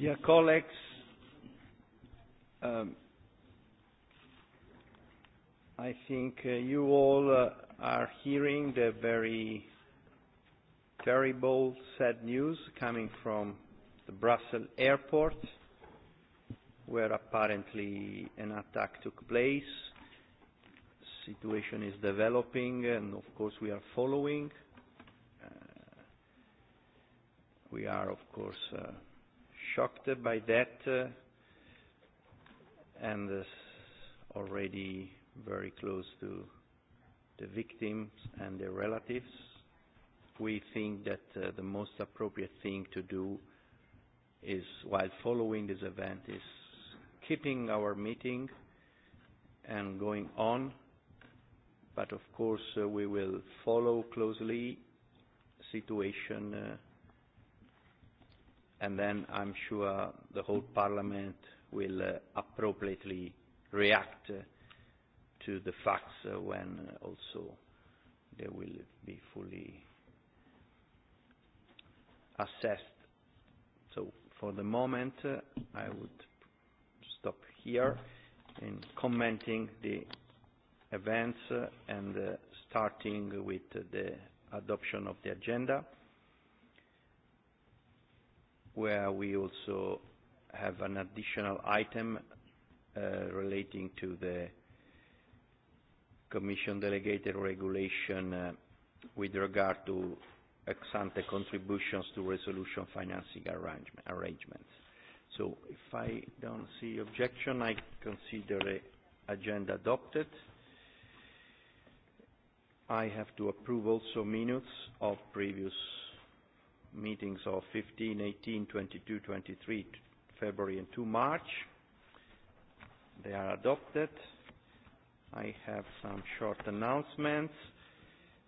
Dear colleagues, um, I think uh, you all uh, are hearing the very terrible sad news coming from the Brussels airport where apparently an attack took place. Situation is developing and of course we are following. Uh, we are of course uh, shocked by that uh, and is already very close to the victims and their relatives. We think that uh, the most appropriate thing to do is, while following this event, is keeping our meeting and going on. But of course, uh, we will follow closely situation uh, and then I'm sure the whole Parliament will uh, appropriately react uh, to the facts uh, when also they will be fully assessed. So for the moment, uh, I would stop here in commenting the events uh, and uh, starting with uh, the adoption of the agenda where we also have an additional item uh, relating to the commission delegated regulation uh, with regard to ex-ante contributions to resolution financing arrangements. If I don't see objection, I consider the agenda adopted. I have to approve also minutes of previous meetings of 15, 18, 22, 23, February and 2 March. They are adopted. I have some short announcements.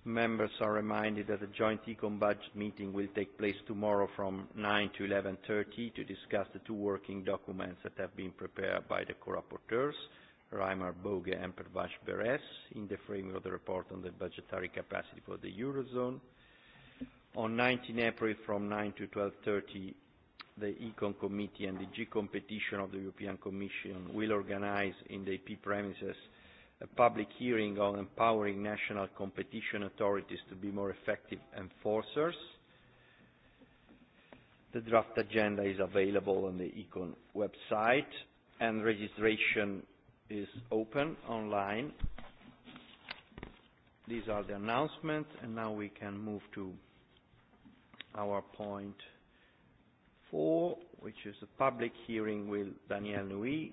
Members are reminded that the joint ECOM budget meeting will take place tomorrow from 9 to 11.30 to discuss the two working documents that have been prepared by the co-rapporteurs, Reimer Boge and Pervash Beres, in the framework of the report on the budgetary capacity for the Eurozone. On 19 April from 9 to 12.30, the Econ Committee and the G Competition of the European Commission will organize in the EP premises a public hearing on empowering national competition authorities to be more effective enforcers. The draft agenda is available on the Econ website and registration is open online. These are the announcements and now we can move to our point four, which is a public hearing with Daniel Nui,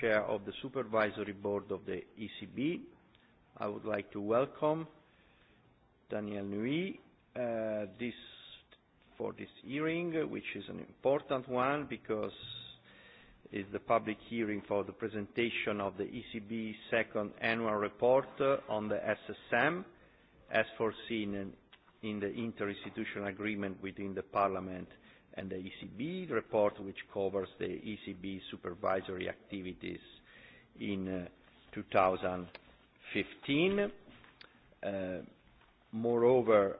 Chair of the Supervisory Board of the ECB. I would like to welcome Daniel Nui uh, this, for this hearing, which is an important one because it's the public hearing for the presentation of the ECB's second annual report uh, on the SSM as foreseen in the interinstitutional agreement between the Parliament and the ECB, the report which covers the ECB supervisory activities in uh, 2015. Uh, moreover,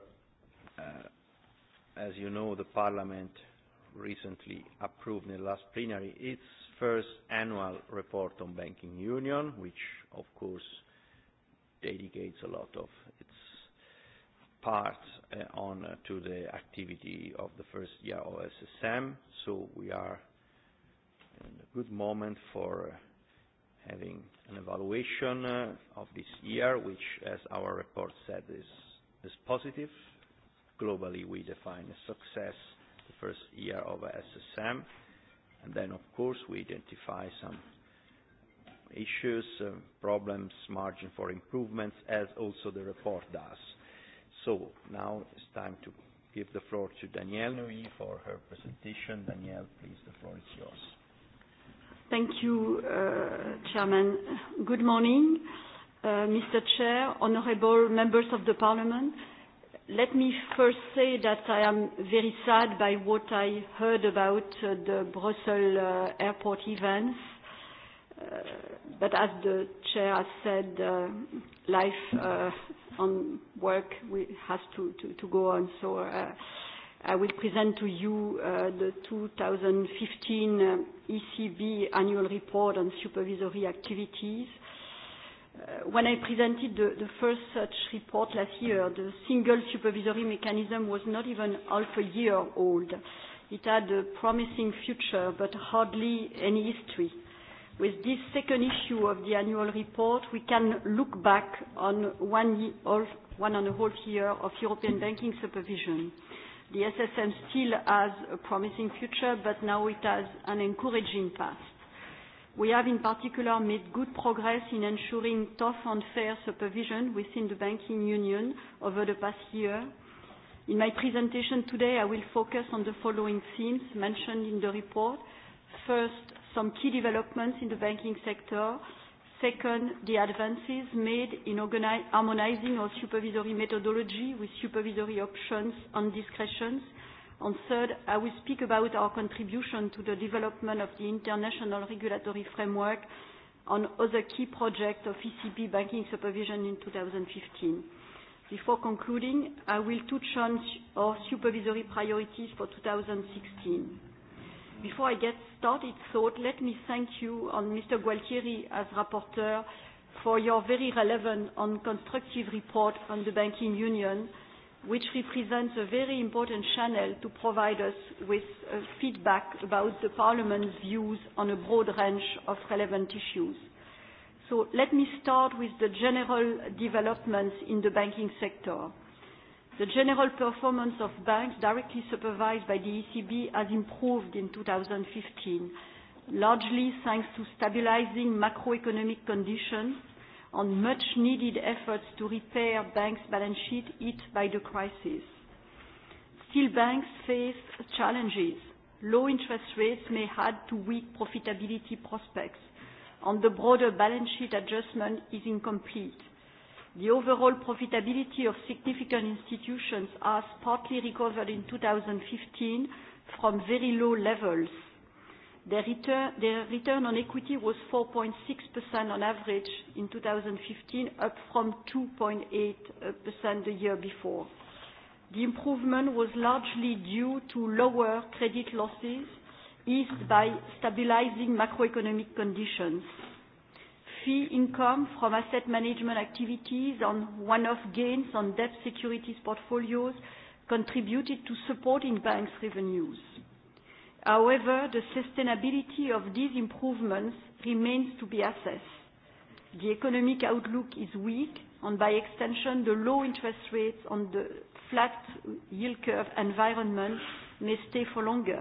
uh, as you know, the Parliament recently approved in the last plenary its first annual report on banking union, which of course dedicates a lot of its part uh, on uh, to the activity of the first year of SSM. So we are in a good moment for uh, having an evaluation uh, of this year, which, as our report said, is, is positive. Globally, we define a success the first year of SSM. And then, of course, we identify some issues, uh, problems, margin for improvements, as also the report does. Now it's time to give the floor to Danielle Nouy for her presentation. Danielle, please, the floor is yours. Thank you, uh, Chairman. Good morning, uh, Mr. Chair, honorable members of the Parliament. Let me first say that I am very sad by what I heard about uh, the Brussels airport events. Uh, but as the chair has said, uh, life uh, on work we has to, to, to go on. So uh, I will present to you uh, the 2015 uh, ECB annual report on supervisory activities. Uh, when I presented the, the first such report last year, the single supervisory mechanism was not even half a year old. It had a promising future, but hardly any history. With this second issue of the annual report, we can look back on one and a half year of European banking supervision. The SSM still has a promising future, but now it has an encouraging past. We have, in particular, made good progress in ensuring tough and fair supervision within the banking union over the past year. In my presentation today, I will focus on the following themes mentioned in the report. First, some key developments in the banking sector. Second, the advances made in harmonizing our supervisory methodology with supervisory options on discretions. Third, I will speak about our contribution to the development of the international regulatory framework on other key projects of ECB banking supervision in 2015. Before concluding, I will touch on our supervisory priorities for 2016. Before I get started, thought, let me thank you on Mr. Gualtieri as rapporteur for your very relevant and constructive report on the banking union, which represents a very important channel to provide us with uh, feedback about the parliament's views on a broad range of relevant issues. So let me start with the general developments in the banking sector. The general performance of banks directly supervised by the ECB has improved in 2015, largely thanks to stabilizing macroeconomic conditions on much-needed efforts to repair banks' balance sheet hit by the crisis. Still, banks face challenges. Low interest rates may add to weak profitability prospects, and the broader balance sheet adjustment is incomplete. The overall profitability of significant institutions has partly recovered in 2015 from very low levels. Their return on equity was 4.6% on average in 2015, up from 2.8% the year before. The improvement was largely due to lower credit losses eased by stabilizing macroeconomic conditions fee income from asset management activities on one-off gains on debt securities portfolios contributed to supporting banks' revenues. However, the sustainability of these improvements remains to be assessed. The economic outlook is weak, and by extension, the low interest rates on the flat yield curve environment may stay for longer.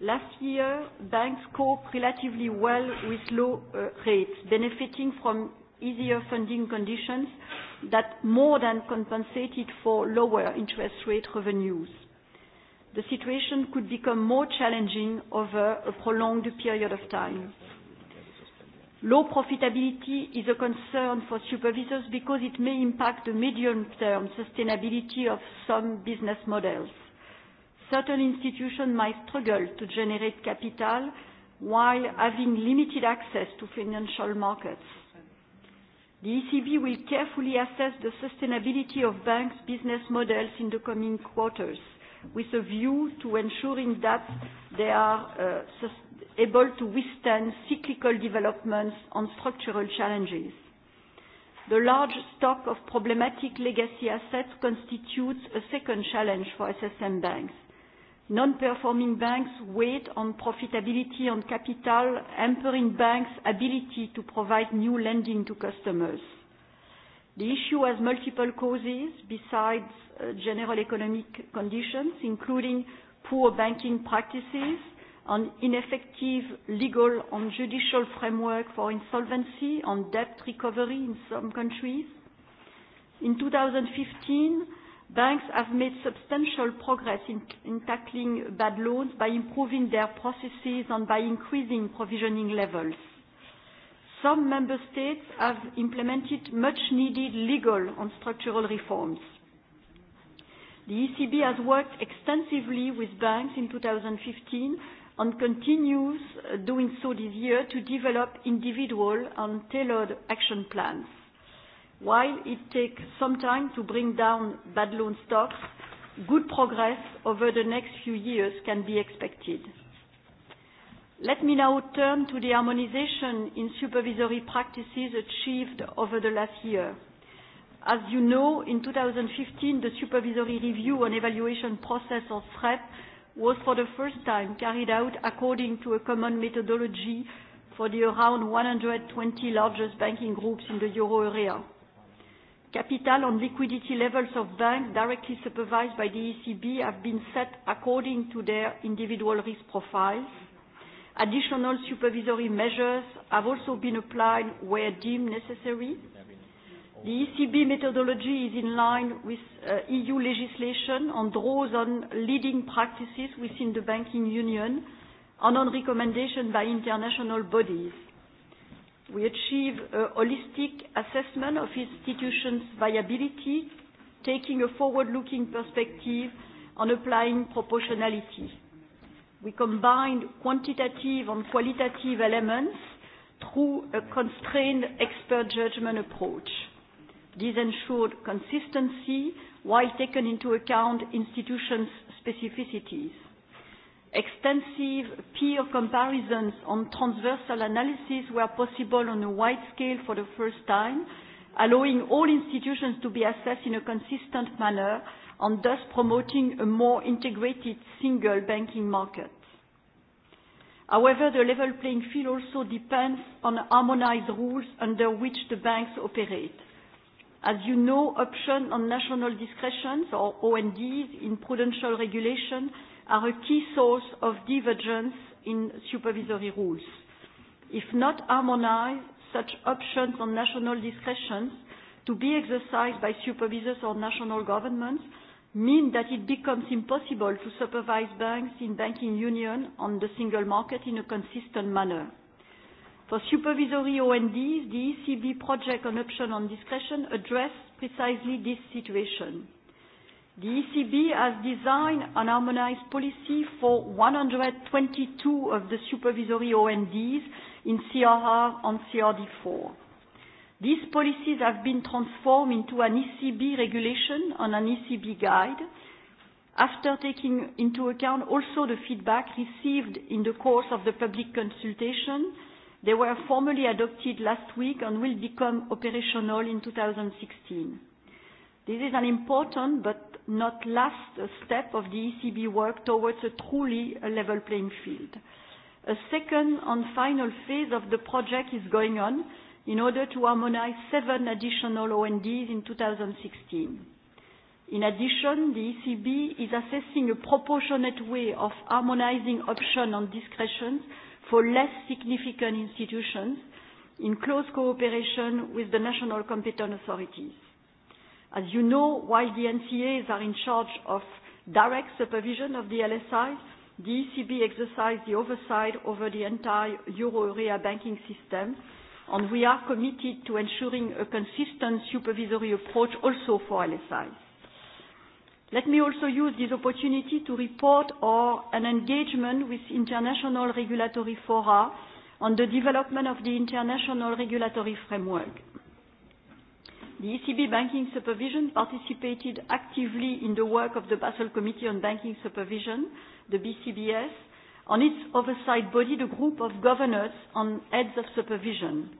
Last year, banks coped relatively well with low uh, rates, benefiting from easier funding conditions that more than compensated for lower interest rate revenues. The situation could become more challenging over a prolonged period of time. Low profitability is a concern for supervisors because it may impact the medium-term sustainability of some business models certain institutions might struggle to generate capital while having limited access to financial markets. The ECB will carefully assess the sustainability of banks' business models in the coming quarters with a view to ensuring that they are uh, able to withstand cyclical developments and structural challenges. The large stock of problematic legacy assets constitutes a second challenge for SSM banks. Non-performing banks weighed on profitability on capital, hampering banks' ability to provide new lending to customers. The issue has multiple causes besides uh, general economic conditions, including poor banking practices on ineffective legal and judicial framework for insolvency on debt recovery in some countries. In 2015, banks have made substantial progress in, in tackling bad loans by improving their processes and by increasing provisioning levels. Some member states have implemented much needed legal and structural reforms. The ECB has worked extensively with banks in 2015 and continues doing so this year to develop individual and tailored action plans. While it takes some time to bring down bad loan stocks, good progress over the next few years can be expected. Let me now turn to the harmonization in supervisory practices achieved over the last year. As you know, in 2015, the supervisory review and evaluation process of SREP was for the first time carried out according to a common methodology for the around 120 largest banking groups in the Euro Capital and liquidity levels of banks directly supervised by the ECB have been set according to their individual risk profiles. Additional supervisory measures have also been applied where deemed necessary. The ECB methodology is in line with uh, EU legislation and draws on leading practices within the banking union and on recommendation by international bodies we achieve a holistic assessment of institutions' viability, taking a forward-looking perspective on applying proportionality. We combine quantitative and qualitative elements through a constrained expert judgment approach. This ensured consistency while taking into account institutions' specificities. Extensive peer comparisons on transversal analysis were possible on a wide scale for the first time, allowing all institutions to be assessed in a consistent manner and thus promoting a more integrated single banking market. However, the level playing field also depends on harmonized rules under which the banks operate. As you know, option on national discretions or ONDs in prudential regulation are a key source of divergence in supervisory rules. If not harmonized, such options on national discretions to be exercised by supervisors or national governments mean that it becomes impossible to supervise banks in banking union on the single market in a consistent manner. For supervisory ONDs, the ECB project on option on discretion address precisely this situation. The ECB has designed a harmonized policy for 122 of the supervisory ONDs in CRR and CRD4. These policies have been transformed into an ECB regulation and an ECB guide after taking into account also the feedback received in the course of the public consultation. They were formally adopted last week and will become operational in 2016. This is an important but not last step of the ECB work towards a truly level playing field. A second and final phase of the project is going on in order to harmonize seven additional ONDs in 2016. In addition, the ECB is assessing a proportionate way of harmonizing options and discretions for less significant institutions in close cooperation with the national competent authorities. As you know, while the NCAs are in charge of direct supervision of the LSIs, the ECB exercise the oversight over the entire euro area banking system, and we are committed to ensuring a consistent supervisory approach also for LSIs. Let me also use this opportunity to report our, an engagement with international regulatory fora on the development of the international regulatory framework. The ECB banking supervision participated actively in the work of the Basel Committee on Banking Supervision, the BCBS, on its oversight body, the Group of Governors on Heads of Supervision.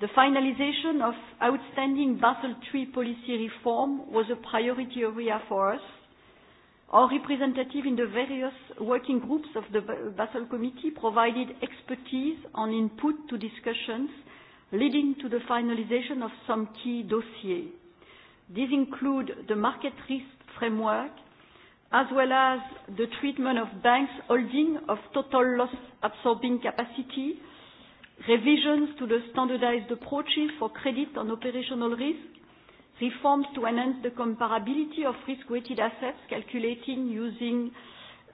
The finalization of outstanding Basel III policy reform was a priority area for us. Our representative in the various working groups of the Basel Committee provided expertise on input to discussions leading to the finalization of some key dossiers. These include the market risk framework, as well as the treatment of banks holding of total loss absorbing capacity, revisions to the standardized approaches for credit on operational risk, reforms to enhance the comparability of risk-weighted assets, calculating using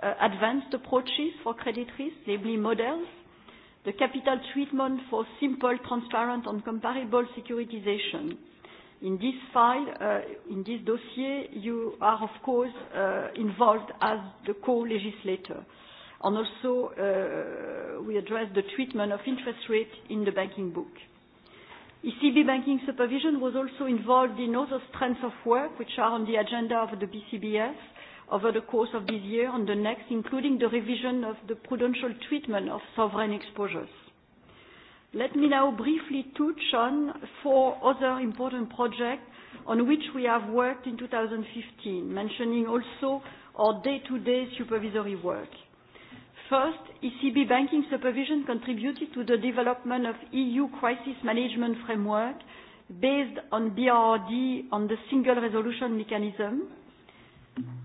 uh, advanced approaches for credit risk, namely models, the capital treatment for simple, transparent, and comparable securitization. In this file, uh, in this dossier, you are of course uh, involved as the co-legislator. And also, uh, we address the treatment of interest rate in the banking book. ECB banking supervision was also involved in other strands of work which are on the agenda of the BCBS, over the course of this year and the next, including the revision of the prudential treatment of sovereign exposures. Let me now briefly touch on four other important projects on which we have worked in 2015, mentioning also our day-to-day supervisory work. First, ECB banking supervision contributed to the development of EU crisis management framework based on BRRD on the Single Resolution Mechanism.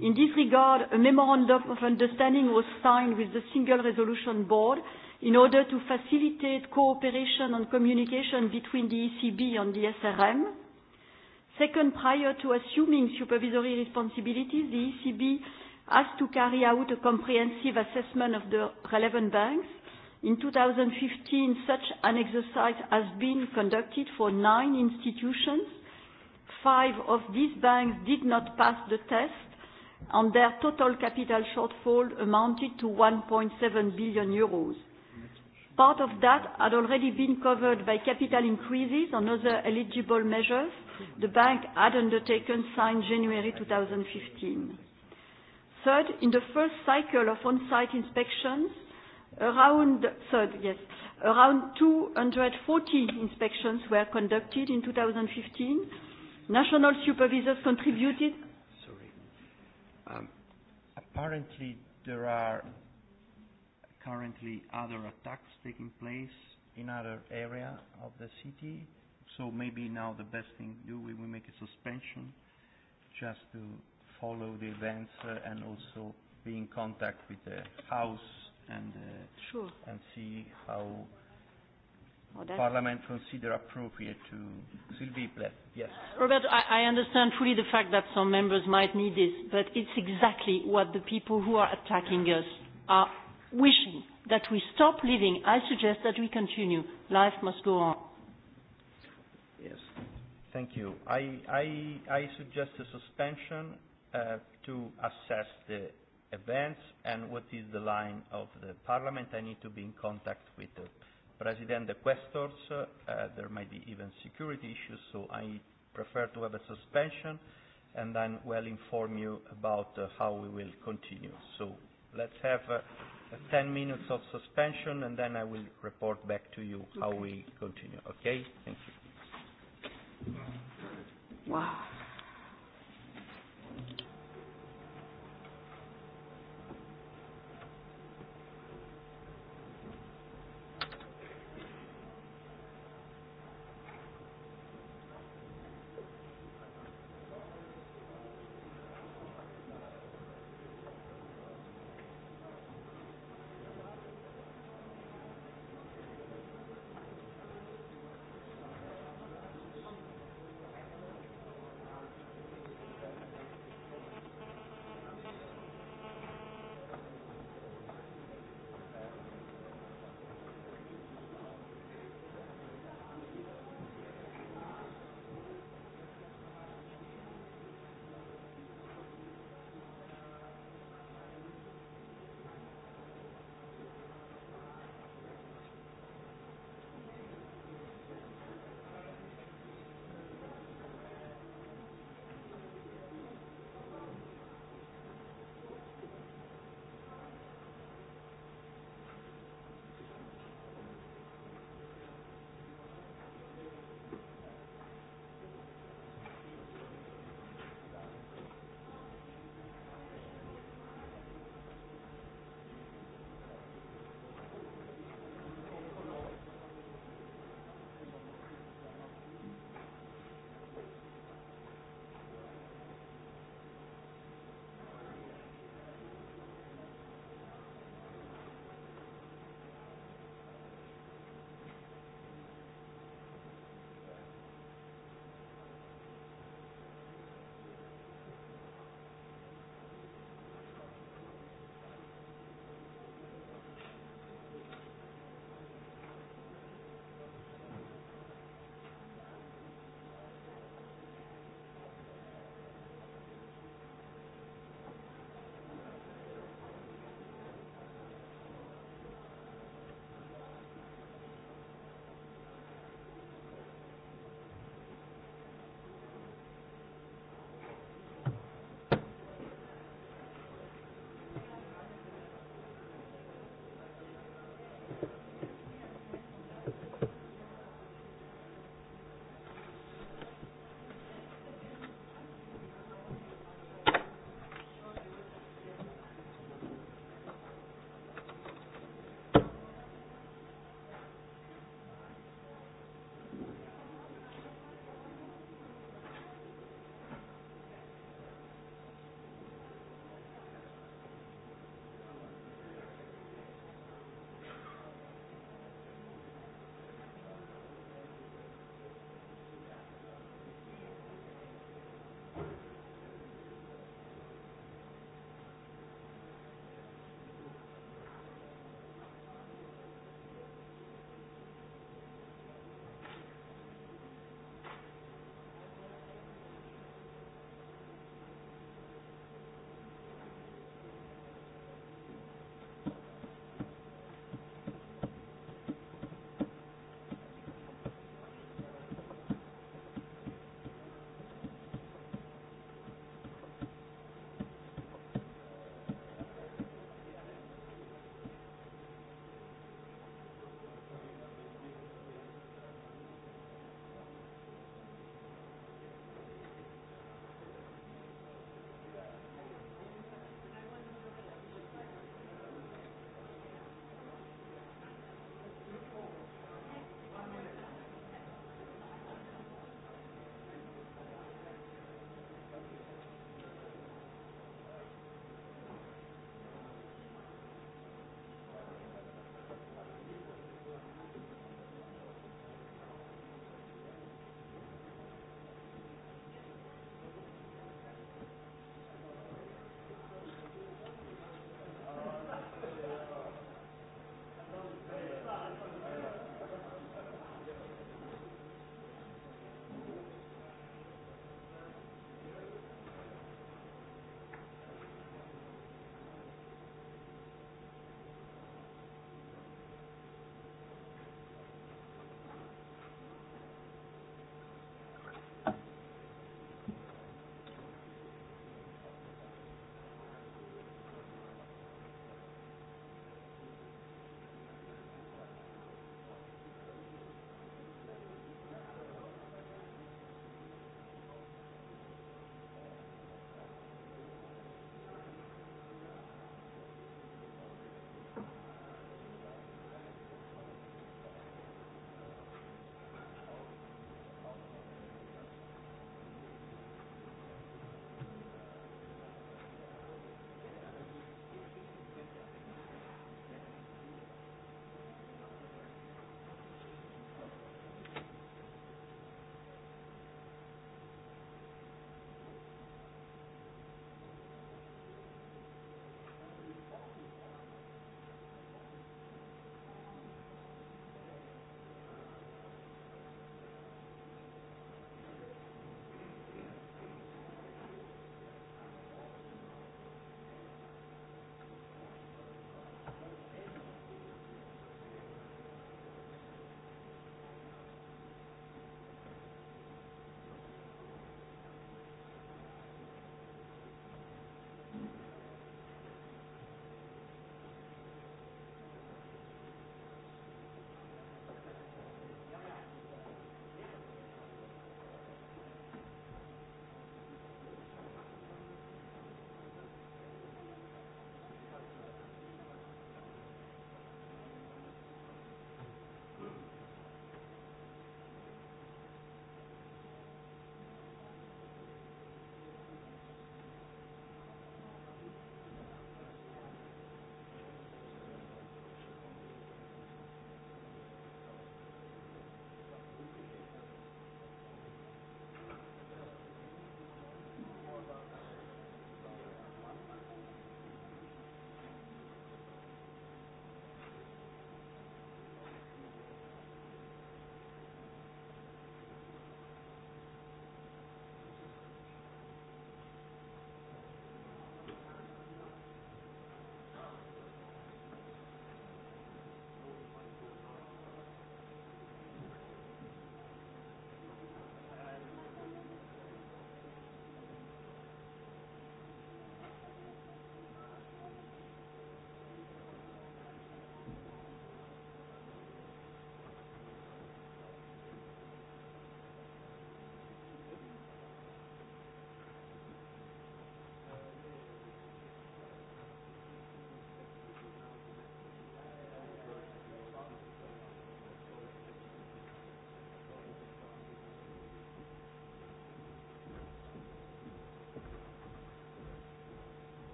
In this regard, a memorandum of understanding was signed with the Single Resolution Board in order to facilitate cooperation and communication between the ECB and the SRM. Second, prior to assuming supervisory responsibilities, the ECB has to carry out a comprehensive assessment of the relevant banks. In 2015, such an exercise has been conducted for nine institutions five of these banks did not pass the test, and their total capital shortfall amounted to 1.7 billion euros. Part of that had already been covered by capital increases and other eligible measures the bank had undertaken since January 2015. Third, in the first cycle of on-site inspections, around 240 inspections were conducted in 2015, National supervisors contributed? Sorry. Um, apparently, there are currently other attacks taking place in other area of the city. So maybe now the best thing to do, we will make a suspension just to follow the events uh, and also be in contact with the house and, uh, sure. and see how... Well, Parliament consider appropriate to Sylvie Plath. Yes. Uh, Robert, I, I understand fully the fact that some members might need this, but it's exactly what the people who are attacking us are wishing that we stop living. I suggest that we continue. Life must go on. Yes. Thank you. I, I, I suggest a suspension uh, to assess the events and what is the line of the Parliament. I need to be in contact with the. President, the questors, uh, there might be even security issues, so I prefer to have a suspension and then well inform you about uh, how we will continue. So let's have uh, 10 minutes of suspension and then I will report back to you how okay. we continue. Okay? Thank you. Wow.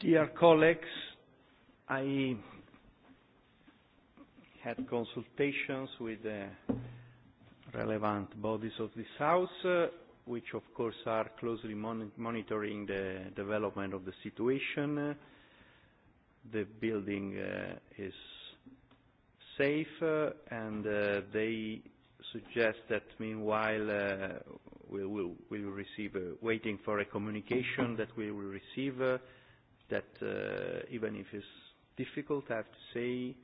dear colleagues, I had consultations with the relevant bodies of this House, uh, which of course are closely mon monitoring the development of the situation. Uh, the building uh, is safe uh, and uh, they suggest that meanwhile uh, we will we'll receive, uh, waiting for a communication that we will receive uh, that uh, even if it's difficult, I have to say,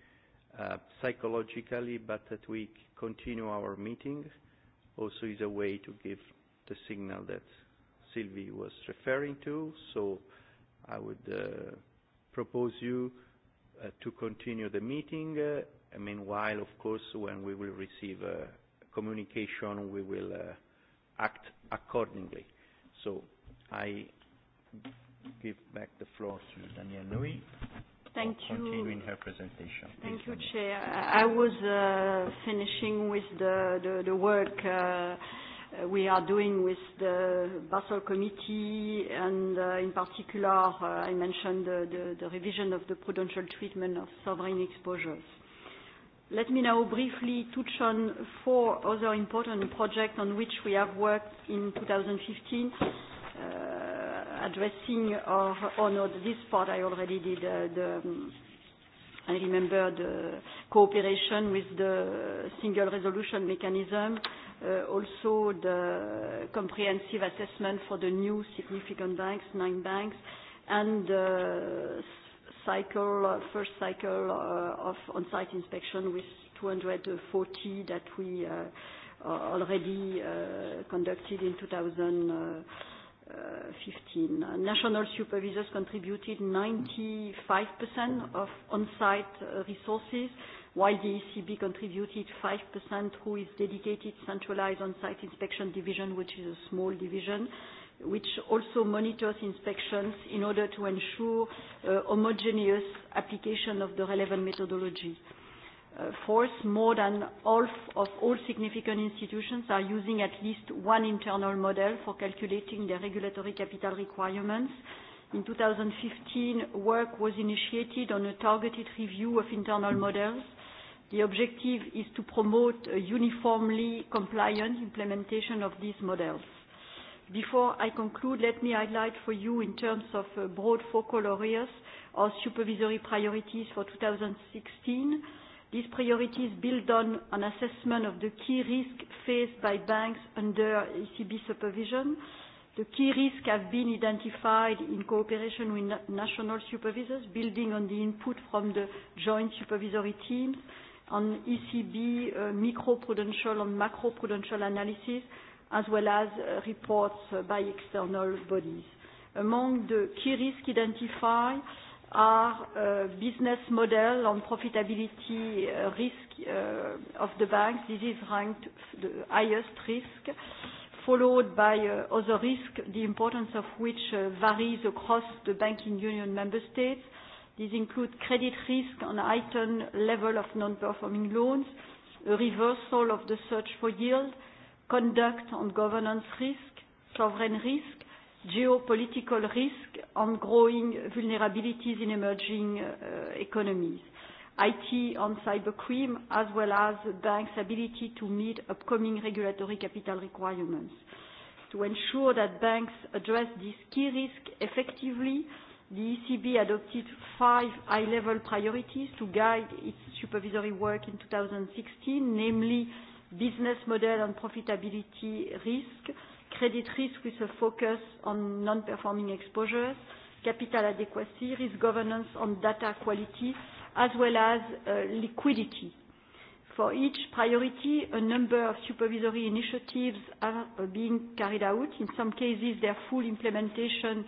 uh, psychologically, but that we continue our meeting also is a way to give the signal that Sylvie was referring to. So I would uh, propose you uh, to continue the meeting. Uh, meanwhile, of course, when we will receive a communication, we will uh, act accordingly. So I give back the floor to Danielle Noy. Thank you. Continuing her presentation. Thank Please you, Daniel. Chair. I was uh, finishing with the, the, the work uh, we are doing with the Basel Committee, and uh, in particular, uh, I mentioned the, the, the revision of the prudential treatment of sovereign exposures. Let me now briefly touch on four other important projects on which we have worked in 2015. Uh, addressing or honored this part. I already did uh, the, um, I remember the cooperation with the single resolution mechanism, uh, also the comprehensive assessment for the new significant banks, nine banks, and the cycle, uh, first cycle uh, of on-site inspection with 240 that we uh, already uh, conducted in 2000. Uh, 2015. National supervisors contributed 95% of on-site uh, resources, while the ECB contributed 5% through its dedicated centralized on-site inspection division, which is a small division, which also monitors inspections in order to ensure uh, homogeneous application of the relevant methodology uh, force, more than all of all significant institutions are using at least one internal model for calculating their regulatory capital requirements. In 2015, work was initiated on a targeted review of internal models. The objective is to promote a uniformly compliant implementation of these models. Before I conclude, let me highlight for you in terms of uh, broad focal areas our supervisory priorities for 2016. These priorities build on an assessment of the key risk faced by banks under ECB supervision. The key risks have been identified in cooperation with national supervisors, building on the input from the joint supervisory teams on ECB uh, micro-prudential and macro-prudential analysis, as well as uh, reports uh, by external bodies. Among the key risks identified, our uh, business model on profitability uh, risk uh, of the bank. This is ranked the highest risk, followed by other risk, the importance of which varies across the banking union member states. These include credit risk on heightened level of non-performing loans, reversal of the search for yield, conduct on governance risk, sovereign risk, geopolitical risk and growing vulnerabilities in emerging uh, economies. IT on cybercrime, as well as the bank's ability to meet upcoming regulatory capital requirements. To ensure that banks address this key risk effectively, the ECB adopted five high-level priorities to guide its supervisory work in 2016, namely business model and profitability risk, uh, credit risk with a focus on non-performing exposures, capital adequacy, risk governance on data quality, as well as uh, liquidity. For each priority, a number of supervisory initiatives are uh, being carried out. In some cases, their full implementation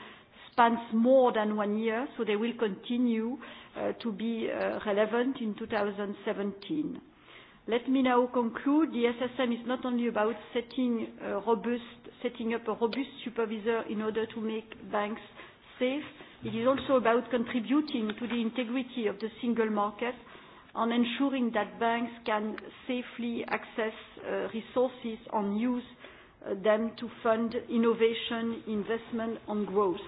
spans more than one year, so they will continue uh, to be relevant in 2017. Let me now conclude. The SSM is not only about setting robust setting up a robust supervisor in order to make banks safe. It is also about contributing to the integrity of the single market on ensuring that banks can safely access uh, resources and use uh, them to fund innovation, investment and growth.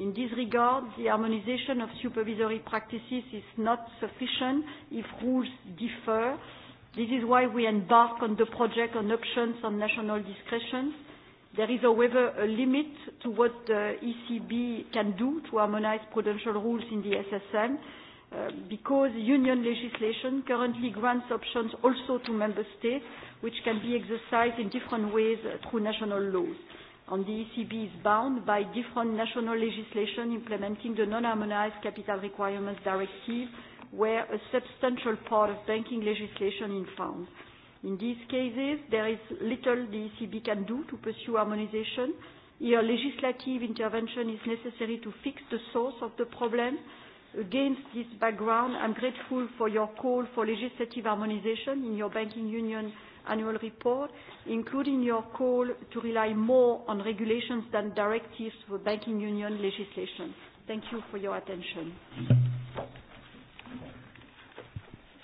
In this regard, the harmonization of supervisory practices is not sufficient if rules differ. This is why we embark on the project on options on national discretion there is, however, a limit to what the ECB can do to harmonize prudential rules in the SSM, uh, because union legislation currently grants options also to member states, which can be exercised in different ways uh, through national laws. And the ECB is bound by different national legislation implementing the non-harmonized capital requirements directive, where a substantial part of banking legislation is found. In these cases, there is little the ECB can do to pursue harmonization. Here, legislative intervention is necessary to fix the source of the problem. Against this background, I'm grateful for your call for legislative harmonization in your banking union annual report, including your call to rely more on regulations than directives for banking union legislation. Thank you for your attention.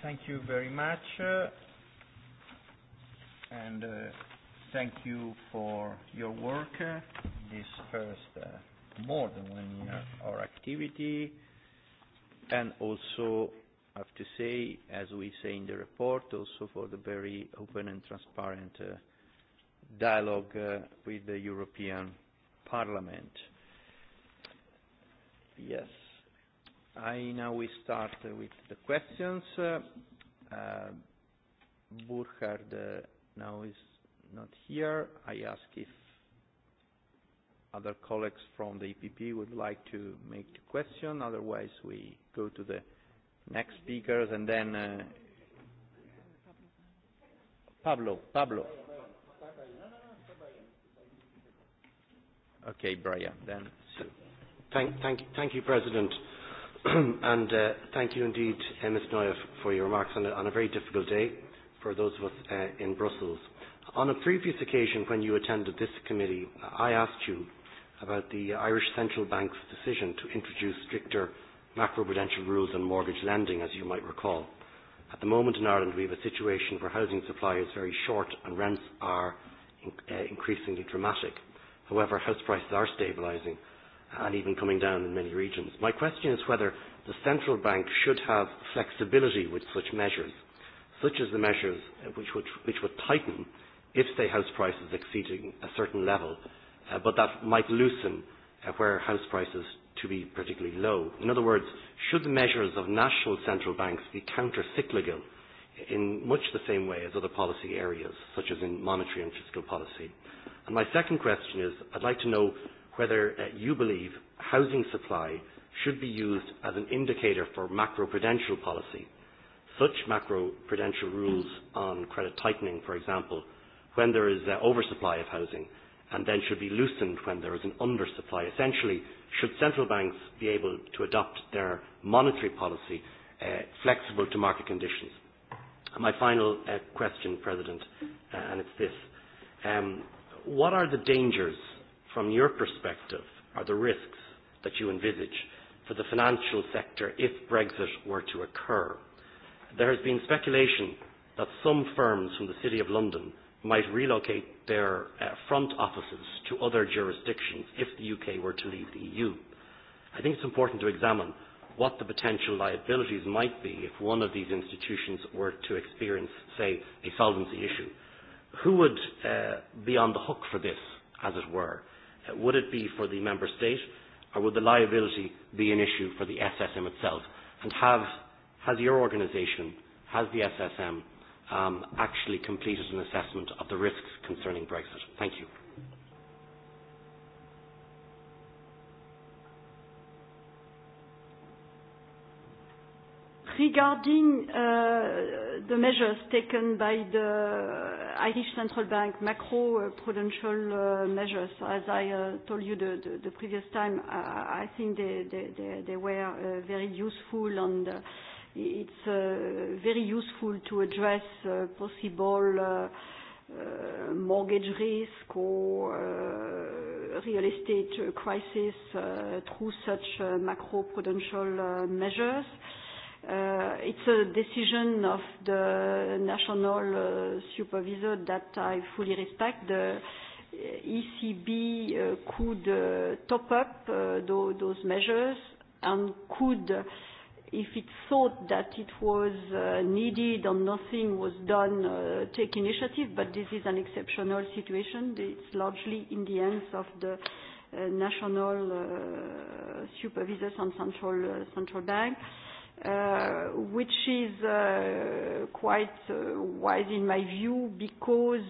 Thank you very much. Uh, and uh, thank you for your work uh, this first uh, more than one year our activity and also I have to say, as we say in the report, also for the very open and transparent uh, dialogue uh, with the European Parliament. Yes, I now we start uh, with the questions. Uh, uh, Burkhard uh, now is not here. I ask if other colleagues from the EPP would like to make the question. Otherwise, we go to the next speakers and then... Uh, Pablo, Pablo. Okay, Brian, then Sue. Thank, thank, thank you, President. and uh, thank you indeed, Ms. Neuer, for your remarks on a, on a very difficult day for those of us uh, in Brussels. On a previous occasion when you attended this committee, uh, I asked you about the Irish Central Bank's decision to introduce stricter macroprudential rules on mortgage lending, as you might recall. At the moment in Ireland, we have a situation where housing supply is very short and rents are in, uh, increasingly dramatic. However, house prices are stabilising and even coming down in many regions. My question is whether the central bank should have flexibility with such measures such as the measures which would, which would tighten if, say, house prices exceeding a certain level, uh, but that might loosen uh, where house prices to be particularly low. In other words, should the measures of national central banks be counter-cyclical in much the same way as other policy areas, such as in monetary and fiscal policy? And my second question is, I'd like to know whether uh, you believe housing supply should be used as an indicator for macroprudential policy such macroprudential rules on credit tightening, for example, when there is an uh, oversupply of housing, and then should be loosened when there is an undersupply. Essentially, should central banks be able to adopt their monetary policy uh, flexible to market conditions? And my final uh, question, President, uh, and it's this. Um, what are the dangers from your perspective, are the risks that you envisage for the financial sector if Brexit were to occur? there has been speculation that some firms from the City of London might relocate their uh, front offices to other jurisdictions if the UK were to leave the EU. I think it's important to examine what the potential liabilities might be if one of these institutions were to experience, say, a solvency issue. Who would uh, be on the hook for this, as it were? Uh, would it be for the Member State, or would the liability be an issue for the SSM itself? And have has your organisation, has the SSM, um, actually completed an assessment of the risks concerning Brexit? Thank you. Regarding uh, the measures taken by the Irish Central Bank, macro uh, prudential uh, measures, as I uh, told you the, the, the previous time, I, uh, I think they, they, they, they were uh, very useful and uh, it's uh, very useful to address uh, possible uh, uh, mortgage risk or uh, real estate crisis uh, through such uh, macro-prudential uh, measures. Uh, it's a decision of the national uh, supervisor that I fully respect. The ECB uh, could uh, top up uh, th those measures and could uh, if it thought that it was uh, needed or nothing was done, uh, take initiative, but this is an exceptional situation. It's largely in the hands of the uh, national uh, supervisors and central, uh, central bank, uh, which is uh, quite uh, wise in my view because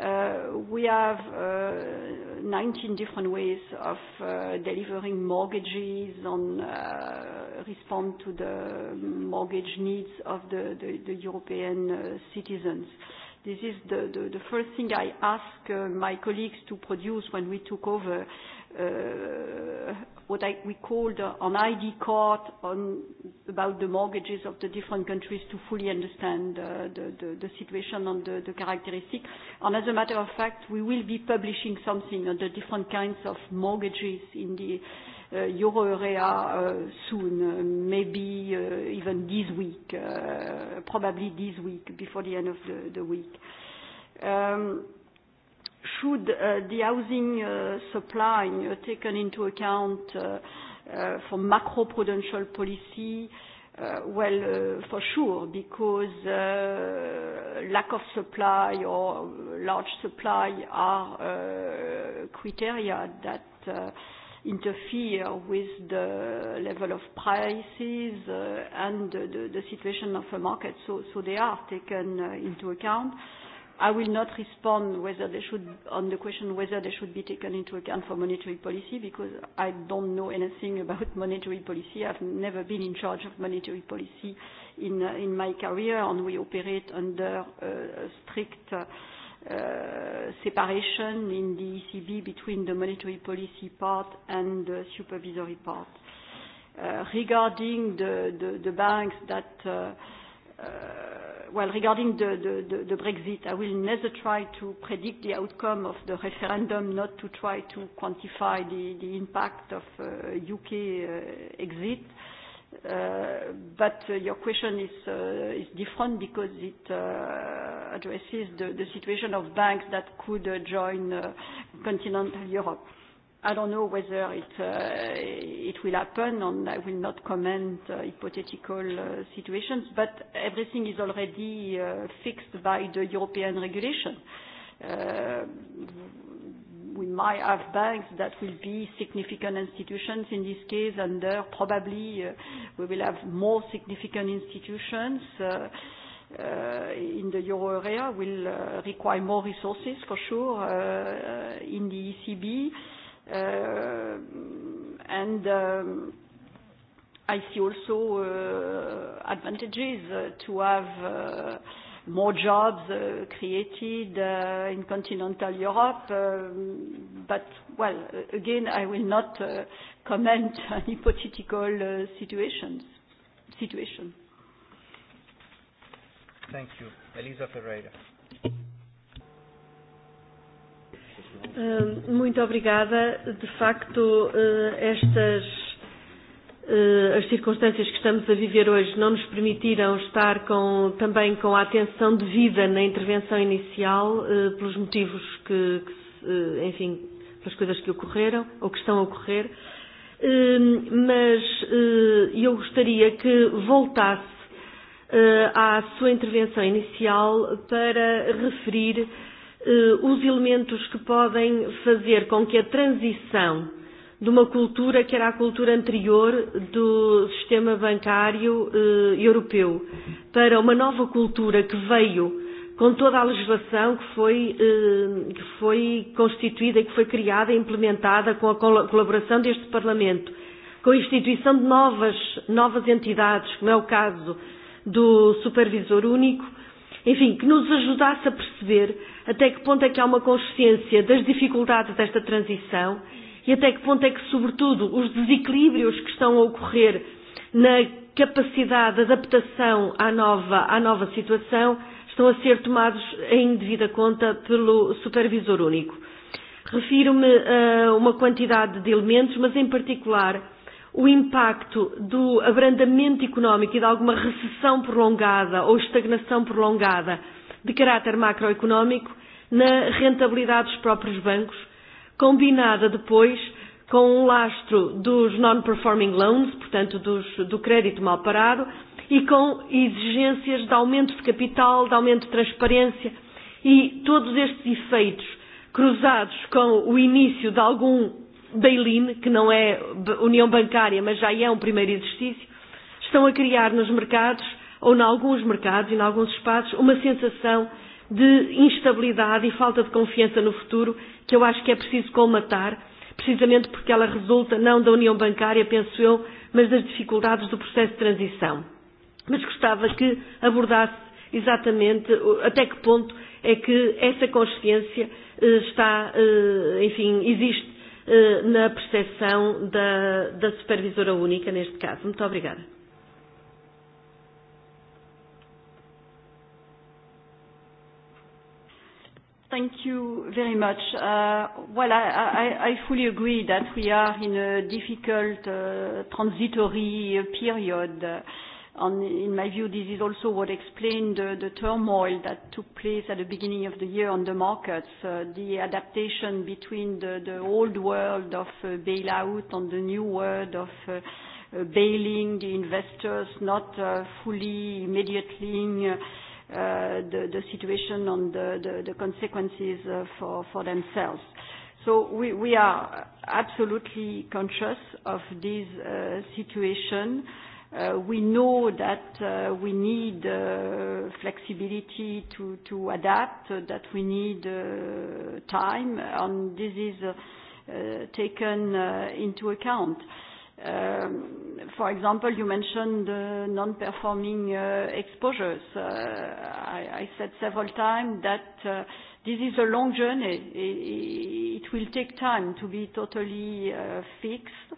Uh, we have uh, 19 different ways of uh, delivering mortgages and uh, respond to the mortgage needs of the, the, the European uh, citizens. This is the, the, the first thing I asked uh, my colleagues to produce when we took over uh, what we called uh, an ID card about the mortgages of the different countries to fully understand uh, the situation and the characteristic. As a matter of fact, we will be publishing something on the different kinds of mortgages in the uh, euro area soon, maybe even this week, probably this week, before the end of the week. Um, should uh, the housing uh, supply taken into account uh, for macroprudential policy? Well, for sure, because lack of supply or large supply are criteria that interfere with the level of prices and the situation of the market. They are taken into account. I will not respond whether they should, on the question whether they should be taken into account for monetary policy, because I don't know anything about monetary policy. I've never been in charge of monetary policy in uh, my career, and we operate under uh, a strict uh, separation in the ECB between the monetary policy part and the supervisory part. Regarding the banks that Uh, well, regarding the Brexit, I will never try to predict the outcome of the referendum, not to try to quantify the impact of U.K. Uh, uh, exit. But your question is different because it addresses the situation of banks that could join continental Europe. I don't know whether uh, it will happen, and I will not comment uh, hypothetical uh, situations, but everything is already fixed by the European regulation. We might have banks that will be significant institutions in this case, and there probably we will have more significant institutions in the euro area will require more resources for sure in this Um, I see also uh, advantages uh, to have uh, more jobs created in continental Europe. Um, well, again, I will not comment on hypothetical situations. Thank you. Elisa Ferreira. Muito obrigada. De facto, eh, estas eh, as circunstâncias que estamos a viver hoje não nos permitiram estar com, também com a atenção devida na intervenção inicial, eh, pelos motivos que, que enfim, pelas coisas que ocorreram ou que estão a ocorrer. Mas eu gostaria que voltasse à sua intervenção inicial para referir eh, os elementos que podem fazer com que a transição de uma cultura que era a cultura anterior do sistema bancário eh, europeu para uma nova cultura que veio com toda a legislação que foi, eh, que foi constituída e que foi criada e implementada com a col colaboração deste Parlamento, com a instituição de novas, novas entidades, como é o caso do Supervisor Único, enfim, que nos ajudasse a perceber até que ponto é que há uma consciência das dificuldades desta transição e até que ponto é que, sobretudo, os desequilíbrios que estão a ocorrer na capacidade de adaptação à nova, à nova situação estão a ser tomados em devida conta pelo supervisor único. Refiro-me a uma quantidade de elementos, mas em particular o impacto do abrandamento económico e de alguma recessão prolongada ou estagnação prolongada de caráter macroeconómico na rentabilidade dos próprios bancos, combinada depois com o um lastro dos non-performing loans, portanto dos, do crédito mal parado, e com exigências de aumento de capital, de aumento de transparência e todos estes efeitos cruzados com o início de algum bail-in, que não é união bancária, mas já é um primeiro exercício, estão a criar nos mercados ou em alguns mercados e em alguns espaços, uma sensação de instabilidade e falta de confiança no futuro, que eu acho que é preciso colmatar, precisamente porque ela resulta não da União Bancária, penso eu, mas das dificuldades do processo de transição. Mas gostava que abordasse exatamente até que ponto é que essa consciência eh, está, eh, enfim, existe eh, na percepção da, da supervisora única, neste caso. Muito obrigada. Thank you very much. Uh, well, I fully agree that we are in a difficult uh, transitory period. Uh, in my view, this is also what explained the turmoil that took place at the beginning of the year on the markets. The adaptation between the old world of bailout and the new world of bailing the investors, not fully immediately Uh, the situation on the consequences uh, for themselves. We are absolutely conscious of this uh, situation. We know that we need flexibility to adapt, that we need time, and this is taken into account. Um, for example, you mentioned the non-performing uh, exposures. Uh, I said several times that uh, this is a long journey. It will take time to be totally fixed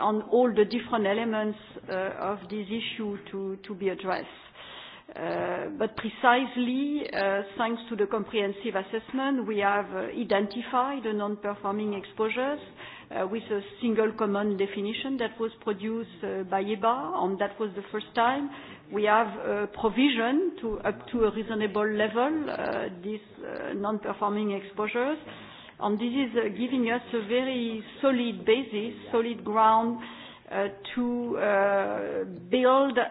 on all the different elements of this issue to be addressed. Precisely, thanks to the comprehensive assessment, we have identified the non-performing exposures, uh, with a single common definition that was produced uh, by EBA, and that was the first time we have a provision to up to a reasonable level uh, these uh, non-performing exposures. And this is uh, giving us a very solid basis, solid ground uh, to uh, build uh,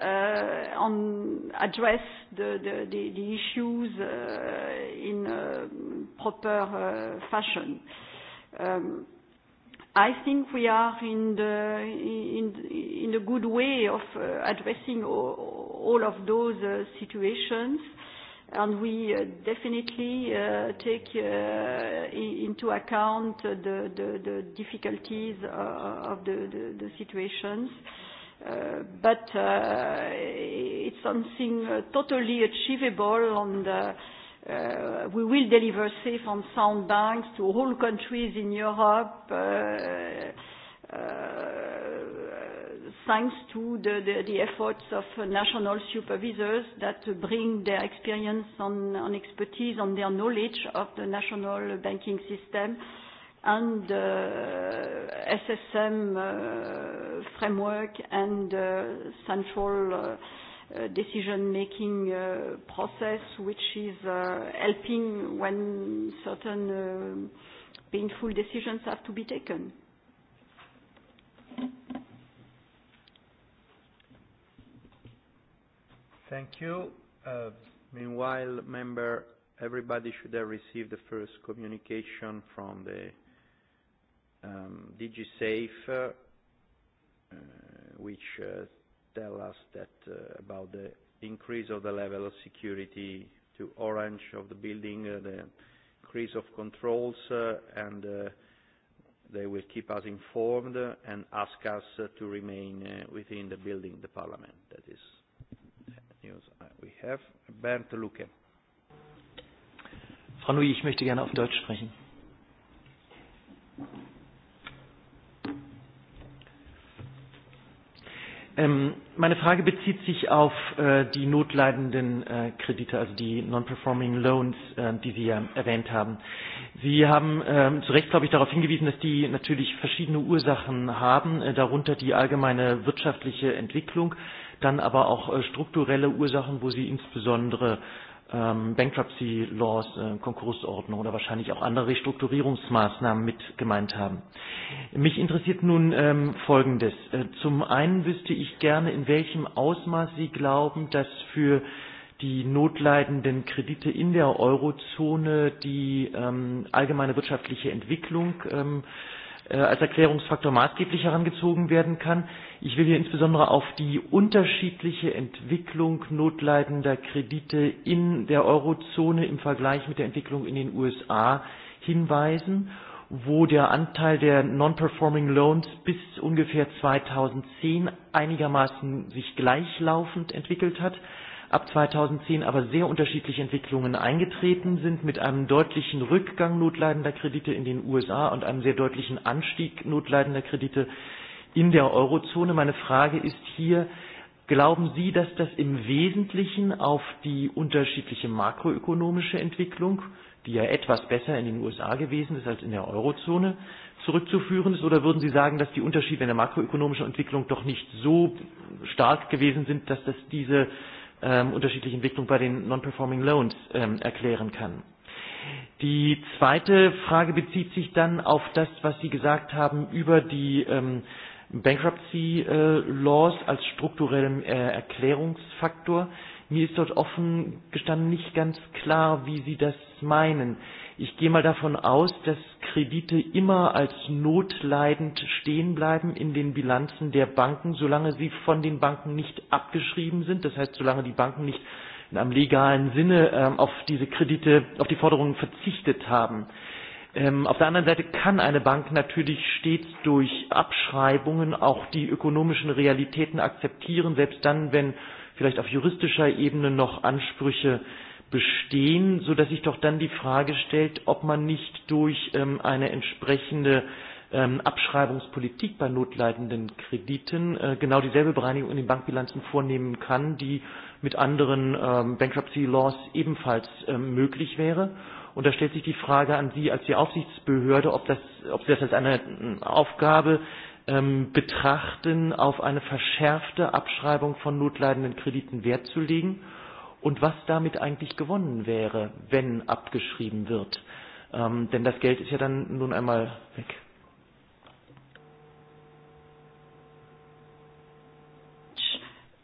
and address the, the, the issues uh, in a proper uh, fashion. Um, I think we are in the good way of uh, addressing all of those uh, situations, and we uh, definitely take into account the difficulties of the situations. It's something totally achievable, Uh, will deliver safe and sound banks to all countries in Europe, uh, uh, thanks to the efforts of national supervisors that bring their experience and expertise and their knowledge of the national banking system and SSM framework and central Uh, decision-making uh, process, which is uh, helping when certain painful decisions have to be taken. Thank you. Meanwhile, member, everybody should have received the first communication from the um, DG SAFE, which tell us uh, about the increase of the level of security to orange of the building, uh, the increase of controls, uh, and they will keep us informed and ask us to remain within the building, the parliament. That is the news we have. Bernd Lucke. Frau Nouy, ich möchte gerne auf Deutsch sprechen. Ähm, meine Frage bezieht sich auf äh, die notleidenden äh, Kredite, also die Non-Performing Loans, äh, die Sie ja erwähnt haben. Sie haben ähm, zu Recht, glaube ich, darauf hingewiesen, dass die natürlich verschiedene Ursachen haben, äh, darunter die allgemeine wirtschaftliche Entwicklung, dann aber auch äh, strukturelle Ursachen, wo Sie insbesondere äh, ähm, Bankruptcy Laws, äh, Konkursordnung oder wahrscheinlich auch andere Restrukturierungsmaßnahmen mit gemeint haben. Mich interessiert nun ähm, Folgendes. Äh, zum einen wüsste ich gerne, in welchem Ausmaß Sie glauben, dass für die notleidenden Kredite in der Eurozone die ähm, allgemeine wirtschaftliche Entwicklung ähm, Äh, als Erklärungsfaktor maßgeblich herangezogen werden kann. Ich will hier insbesondere auf die unterschiedliche Entwicklung notleidender Kredite in der Eurozone im Vergleich mit der Entwicklung in den USA hinweisen, wo der Anteil der Non-Performing Loans bis ungefähr 2010 einigermaßen sich gleichlaufend entwickelt hat ab 2010 aber sehr unterschiedliche Entwicklungen eingetreten sind, mit einem deutlichen Rückgang notleidender Kredite in den USA und einem sehr deutlichen Anstieg notleidender Kredite in der Eurozone. Meine Frage ist hier, glauben Sie, dass das im Wesentlichen auf die unterschiedliche makroökonomische Entwicklung, die ja etwas besser in den USA gewesen ist als in der Eurozone, zurückzuführen ist? Oder würden Sie sagen, dass die Unterschiede in der makroökonomischen Entwicklung doch nicht so stark gewesen sind, dass das diese ähm, unterschiedliche Entwicklung bei den Non-Performing Loans ähm, erklären kann. Die zweite Frage bezieht sich dann auf das, was Sie gesagt haben über die ähm, Bankruptcy äh, Laws als strukturellen äh, Erklärungsfaktor. Mir ist dort offen gestanden nicht ganz klar, wie Sie das meinen. Ich gehe mal davon aus, dass Kredite immer als notleidend stehen bleiben in den Bilanzen der Banken, solange sie von den Banken nicht abgeschrieben sind. Das heißt, solange die Banken nicht in einem legalen Sinne ähm, auf diese Kredite, auf die Forderungen verzichtet haben. Ähm, auf der anderen Seite kann eine Bank natürlich stets durch Abschreibungen auch die ökonomischen Realitäten akzeptieren, selbst dann, wenn vielleicht auf juristischer Ebene noch Ansprüche äh, bestehen, so dass sich doch dann die Frage stellt, ob man nicht durch ähm, eine entsprechende ähm, Abschreibungspolitik bei notleidenden Krediten äh, genau dieselbe Bereinigung in den Bankbilanzen vornehmen kann, die mit anderen ähm, Bankruptcy Laws ebenfalls ähm, möglich wäre. Und da stellt sich die Frage an Sie als die Aufsichtsbehörde, ob, das, ob Sie das als eine ähm, Aufgabe ähm, betrachten, auf eine verschärfte Abschreibung von notleidenden Krediten Wert zu legen und was damit eigentlich gewonnen wäre, wenn abgeschrieben wird. Ähm, denn das Geld ist ja dann nun einmal weg.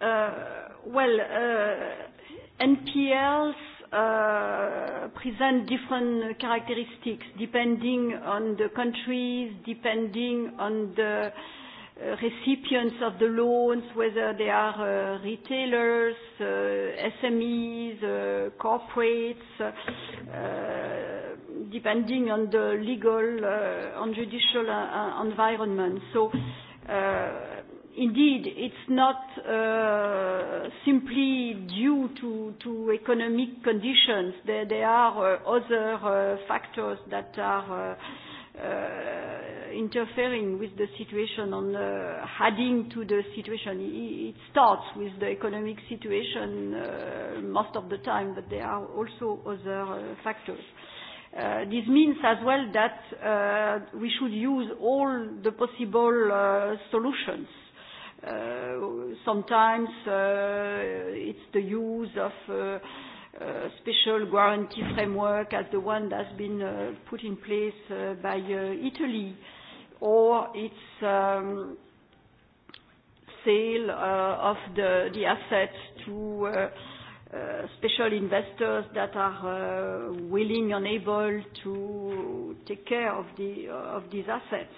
Uh, well, uh, äh, NPLs uh, äh, present different characteristics depending on the countries, depending on the uh, Uh, recipients of the loans, whether they are uh, retailers, uh, SMEs, corporates, depending on the legal and judicial environment. Indeed, it's not simply due to economic conditions. There are other factors that are uh, interfering with the situation on uh, adding to the situation. It starts with the economic situation uh, most of the time, but there are also other uh, factors. Uh, this means as well that uh, we should use all the possible uh, solutions. Uh, sometimes uh, it's the use of uh, uh, special guarantee framework as the one that's been uh, put in place uh, by uh, Italy, or its um, sale uh, of the, the assets to uh, uh, special investors that are uh, willing and able to take care of, the, uh, of these assets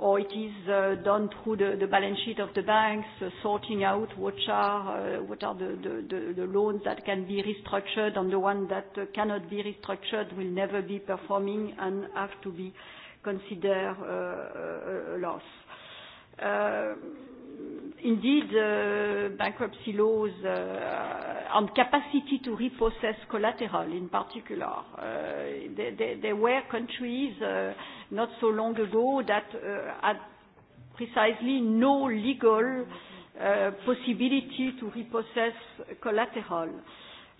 or it is uh, done through the balance sheet of the banks, uh, sorting out what are uh, the loans that can be restructured, and the one that cannot be restructured will never be performing and have to be considered a loss. Um, Indeed, uh, bankruptcy laws uh, on capacity to repossess collateral in particular. Uh, there, there were countries uh, not so long ago that uh, had precisely no legal uh, possibility to repossess collateral.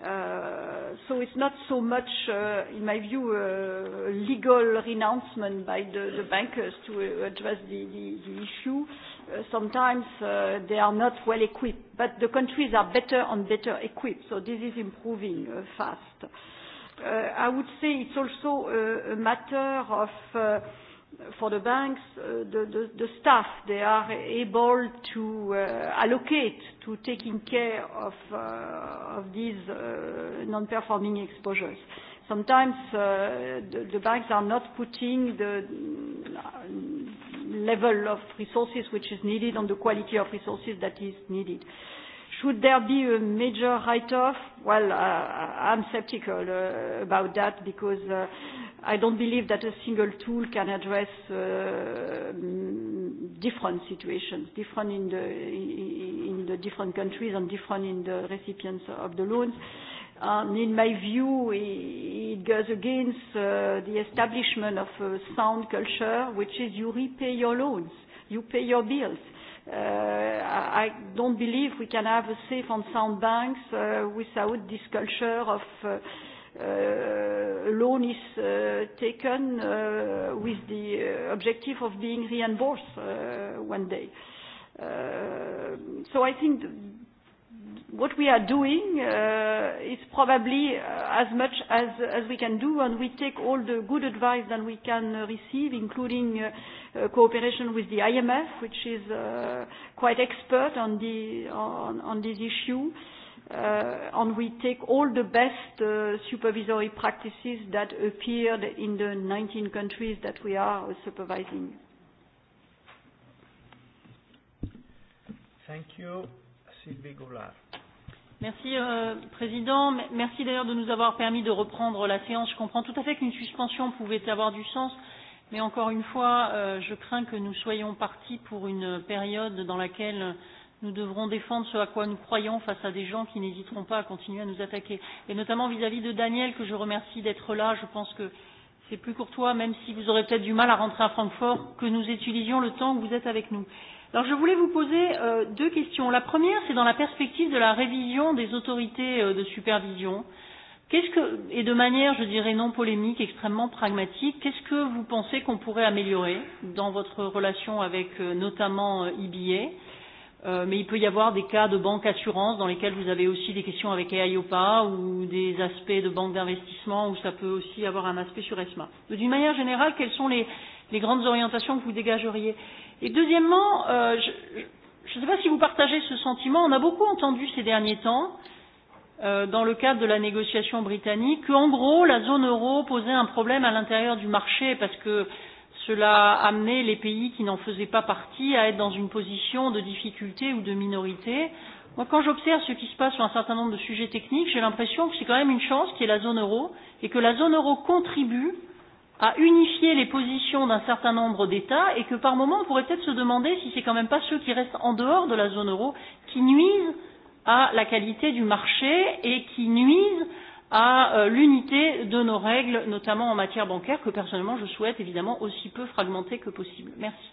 Uh, so it's not so much, uh, in my view, a uh, legal renouncement by the, the bankers to uh, address the, the, the issue, sometimes uh, they are not well equipped, but the countries are better and better equipped, so this is improving uh, fast. Uh, I would say it's also uh, a matter of, uh, for the banks, uh, the, the, the staff they are able to uh, allocate to taking care of, uh, of these uh, non-performing exposures. Sometimes uh, the, the banks are not putting the, level of resources which is needed and the quality of resources that is needed. Should there be a major write-off? Well, uh, I'm skeptical uh, about that because uh, I don't believe that a single tool can address uh, different situations, different in the, in the different countries and different in the recipients of the loans. Uh, Um, in my view, it goes against uh, the establishment of a uh, sound culture, which is you repay your loans, you pay your bills. Uh, I don't believe we can have a safe and sound banks uh, without this culture of uh, uh, loan is uh, taken uh, with the uh, objective of being reimbursed uh, one day. Uh, so I think. The, what we are doing uh, is probably uh, as much as, as we can do, and we take all the good advice that we can uh, receive, including uh, uh, cooperation with the IMF, which is uh, quite expert on, the, on, on this issue. Uh, and we take all the best uh, supervisory practices that appeared in the 19 countries that we are uh, supervising. Thank you, Sylvie Goulart. Merci, euh, Président. Merci d'ailleurs de nous avoir permis de reprendre la séance. Je comprends tout à fait qu'une suspension pouvait avoir du sens, mais encore une fois, euh, je crains que nous soyons partis pour une période dans laquelle nous devrons défendre ce à quoi nous croyons face à des gens qui n'hésiteront pas à continuer à nous attaquer. Et notamment vis-à-vis -vis de Daniel, que je remercie d'être là, je pense que c'est plus courtois, même si vous aurez peut-être du mal à rentrer à Francfort, que nous utilisions le temps que vous êtes avec nous. Euh, Alors je voulais vous poser euh, deux questions. La première, c'est dans la perspective de la révision des autorités euh, de supervision. Qu'est-ce que, et de manière, je dirais, non polémique, extrêmement pragmatique, qu'est-ce que vous pensez qu'on pourrait améliorer dans votre relation avec euh, notamment euh, EBA euh, Mais il peut y avoir des cas de banque assurance dans lesquels vous avez aussi des questions avec EIOPA ou des aspects de banque d'investissement où ça peut aussi avoir un aspect sur ESMA. D'une manière générale, quelles sont les, les grandes orientations que vous dégageriez Et deuxièmement, euh, je ne sais pas si vous partagez ce sentiment, on a beaucoup entendu ces derniers temps, euh, dans le cadre de la négociation britannique, qu'en gros, la zone euro posait un problème à l'intérieur du marché parce que cela amenait les pays qui n'en faisaient pas partie à être dans une position de difficulté ou de minorité. Moi, quand j'observe ce qui se passe sur un certain nombre de sujets techniques, j'ai l'impression que c'est quand même une chance qu'il y ait la zone euro et que la zone euro contribue euh, à unifier les positions d'un certain nombre d'États et que par moment on pourrait peut-être se demander si c'est quand même pas ceux qui restent en dehors de la zone euro qui nuisent à la qualité du marché et qui nuisent à euh, l'unité de nos règles, notamment en matière bancaire, que personnellement je souhaite évidemment aussi peu fragmentée que possible. Merci.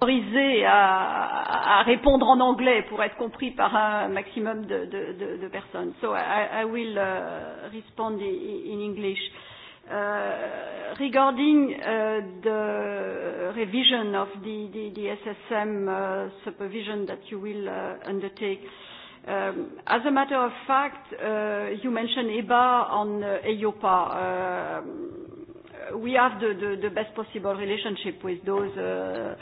autorisé à, à répondre en anglais pour être compris par un maximum de, de, de, de personnes. So I, I will uh, respond in, in English. Uh, regarding uh, the revision of the, the, the SSM uh, supervision that you will uh, undertake, um, as a matter of fact, uh, you mentioned EBA on uh, EIOPA. Uh, um, we have the, the, the best possible relationship with those uh,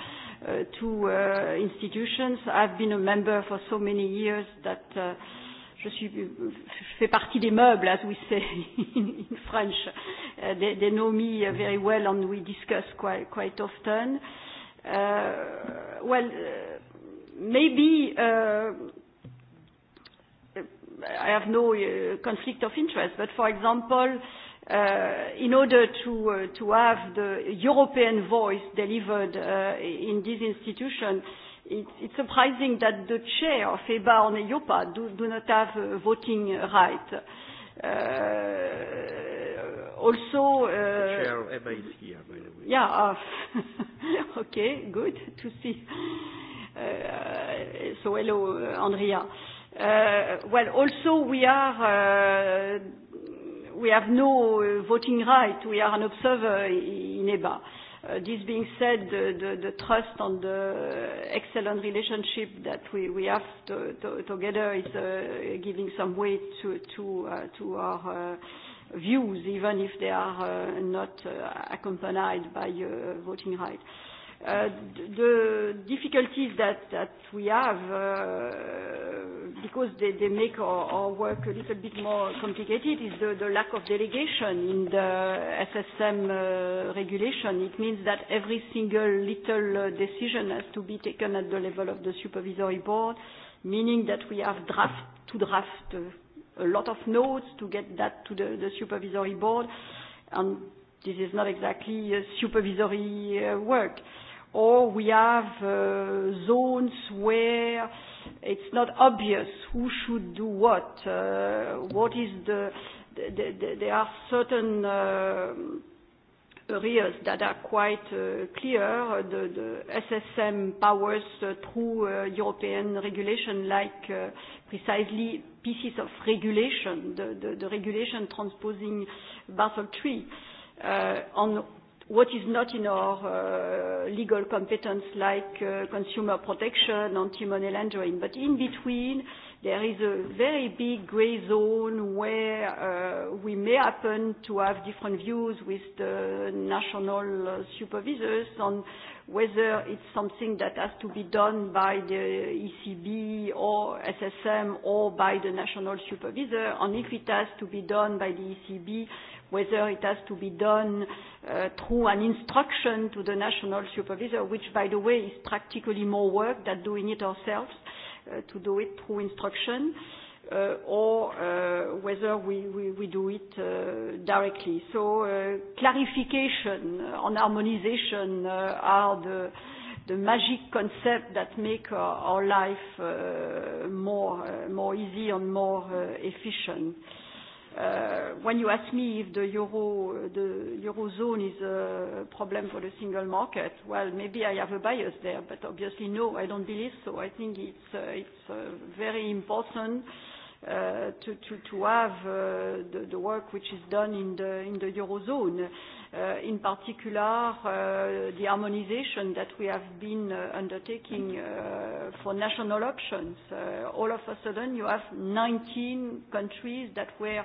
Uh, two uh, institutions. I've been a member for so many years that uh, je fais partie des meubles, as we say in French. They know me very well, and we discuss quite often. Well, maybe I have no conflict of interest, but for example, uh, in order to, uh, to have the European voice delivered uh, in this institution, it's, it's surprising that the chair of EBA and EIOPA do, do not have a voting right. Uh, also, uh, the chair of EBA is here, by the way. Yeah, uh, okay, good to see. Uh, so, hello, uh, Andrea. Uh, well, also, we are. Uh, we have no uh, voting right. We are an observer in EBA. Uh, this being said, the, the, the trust and the excellent relationship that we, we have to, to, together is uh, giving some weight to, to, uh, to our uh, views, even if they are uh, not uh, accompanied by uh, voting rights the euh, difficulties that, that we have uh, because they, they make our, our work a little bit more complicated is the, the lack of delegation in the SSM uh, regulation. It means that every single little uh, decision has to be taken at the level of the supervisory board, meaning that we have draft to draft uh, a lot of notes to get that to the, the supervisory board. And this is not exactly a uh, supervisory uh, work. Uh, or we have uh, zones where it's not obvious who should do what. Uh, what is the, the, the, the there are certain uh, areas that are quite uh, clear. The, the SSM powers uh, through uh, European regulation, like uh, precisely pieces of regulation, the, the, the regulation transposing Basel III. Uh, on what is not in our uh, legal competence, like uh, consumer protection, anti-money laundering. In between, there is a very big gray zone where uh, we may happen to have different views with the national supervisors on whether it's something that has to be done by the ECB or SSM or by the national supervisor, and if it has to be done by the ECB, whether it has to be done uh, through an instruction to the national supervisor, which, by the way, is practically more work than doing it ourselves, uh, to do it through instruction, uh, or uh, whether we, we, we do it uh, directly. So uh, clarification on harmonization uh, are the, the magic concepts that make our, uh, our life uh, more, uh, more easy and more uh, efficient. Uh, when you ask me if the Eurozone is a problem for the single market, well, maybe I have a bias there, but obviously, no, I don't believe so. I think it's uh, uh, very important to have the work which is done in the Eurozone. Uh, in particular, uh, the harmonization that we have been uh, undertaking for national options. All of a sudden, you have 19 countries that were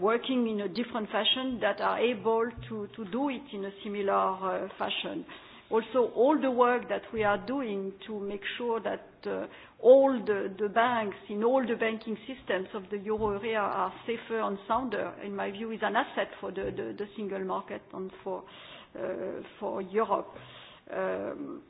working in a different fashion that are able to do it in a similar fashion also all the work that we are doing to make sure that uh, all the banks in all the banking systems of the euro area are safer and sounder, in my view, is an asset for the single market and for uh, Europe. Um,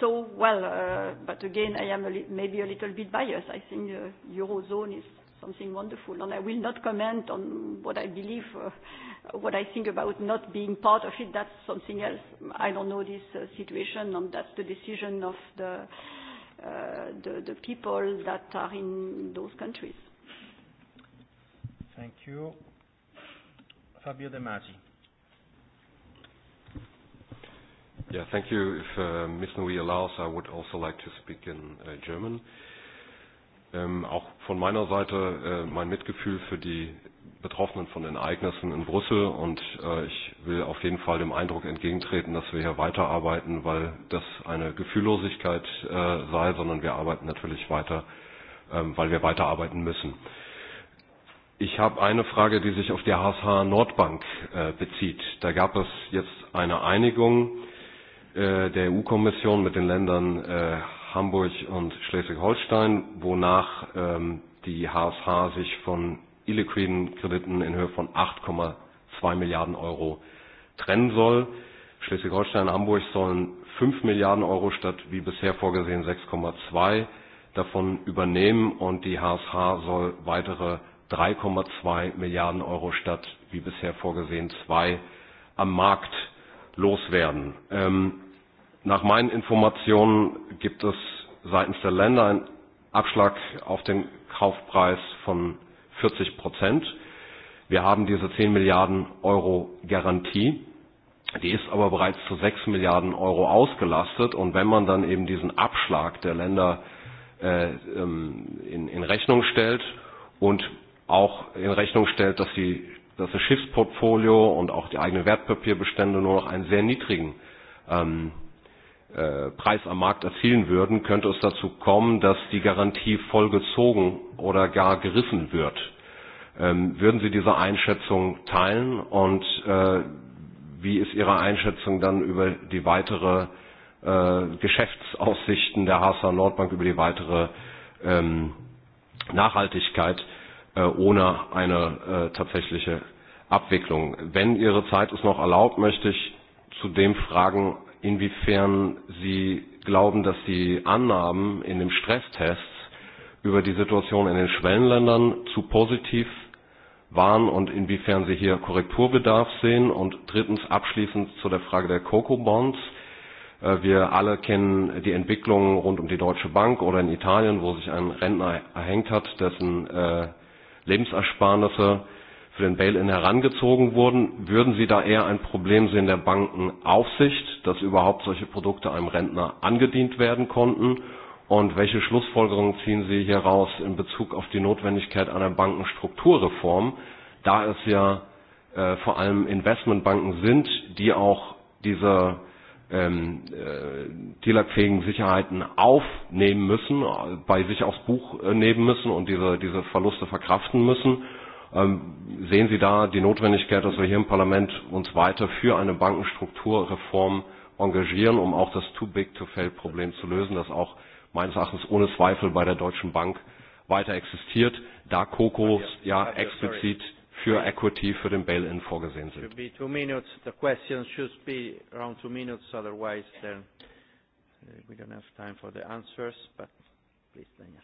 well, uh, but again, I am maybe a little bit biased. I think Eurozone is something wonderful. And I will not comment on what I believe, uh, what I think about not being part of it. That's something else. I don't know this uh, situation, and that's the decision of the, uh, the, the people that are in those countries. Thank you. Fabio De Masi. Yeah, thank you. If uh, Ms. Nui allows, I would also like to speak in uh, German. Uh, Ähm, auch von meiner Seite äh, mein Mitgefühl für die Betroffenen von den Ereignissen in Brüssel und äh, ich will auf jeden Fall dem Eindruck entgegentreten, dass wir hier weiterarbeiten, weil das eine Gefühllosigkeit äh, sei, sondern wir arbeiten natürlich weiter, äh, weil wir weiterarbeiten müssen. Ich habe eine Frage, die sich auf die HSH Nordbank äh, bezieht. Da gab es jetzt eine Einigung äh, der EU-Kommission mit den Ländern äh, Hamburg und Schleswig-Holstein, wonach ähm, die HSH sich von illiquiden Krediten in Höhe von 8,2 Milliarden Euro trennen soll. Schleswig-Holstein und Hamburg sollen 5 Milliarden Euro statt wie bisher vorgesehen 6,2 davon übernehmen und die HSH soll weitere 3,2 Milliarden Euro statt wie bisher vorgesehen 2 am Markt loswerden. Ähm, Nach meinen Informationen gibt es seitens der Länder einen Abschlag auf den Kaufpreis von 40 Prozent. Wir haben diese 10 Milliarden Euro Garantie. Die ist aber bereits zu 6 Milliarden Euro ausgelastet. Und wenn man dann eben diesen Abschlag der Länder äh, ähm, in, in Rechnung stellt und auch in Rechnung stellt, dass, die, dass das Schiffsportfolio und auch die eigenen Wertpapierbestände nur noch einen sehr niedrigen ähm, Äh, Preis am Markt erzielen würden, könnte es dazu kommen, dass die Garantie vollgezogen oder gar gerissen wird. Ähm, würden Sie diese Einschätzung teilen und äh, wie ist Ihre Einschätzung dann über die weitere äh, Geschäftsaussichten der HSA Nordbank, über die weitere ähm, Nachhaltigkeit äh, ohne eine äh, tatsächliche Abwicklung? Wenn Ihre Zeit es noch erlaubt, möchte ich zu dem Fragen inwiefern Sie glauben, dass die Annahmen in dem Stresstest über die Situation in den Schwellenländern zu positiv waren und inwiefern Sie hier Korrekturbedarf sehen. Und drittens abschließend zu der Frage der Coco-Bonds. Äh, wir alle kennen die Entwicklung rund um die Deutsche Bank oder in Italien, wo sich ein Rentner erhängt hat, dessen äh, Lebensersparnisse äh, den Bail-in herangezogen wurden. Würden Sie da eher ein Problem sehen der Bankenaufsicht, dass überhaupt solche Produkte einem Rentner angedient werden konnten? Und welche Schlussfolgerungen ziehen Sie hieraus in Bezug auf die Notwendigkeit einer Bankenstrukturreform, da es ja äh, vor allem Investmentbanken sind, die auch diese tilagfähigen ähm, äh, Sicherheiten aufnehmen müssen, bei sich aufs Buch äh, nehmen müssen und diese, diese Verluste verkraften müssen? Ähm, sehen Sie da die Notwendigkeit, dass wir hier im Parlament uns weiter für eine Bankenstrukturreform engagieren, um auch das Too-Big-to-Fail-Problem zu lösen, das auch meines Erachtens ohne Zweifel bei der Deutschen Bank weiter existiert, da COCOs ja explizit für Equity, für den Bail-In vorgesehen sind? Uh, we don't have time for the answers, but please, Daniel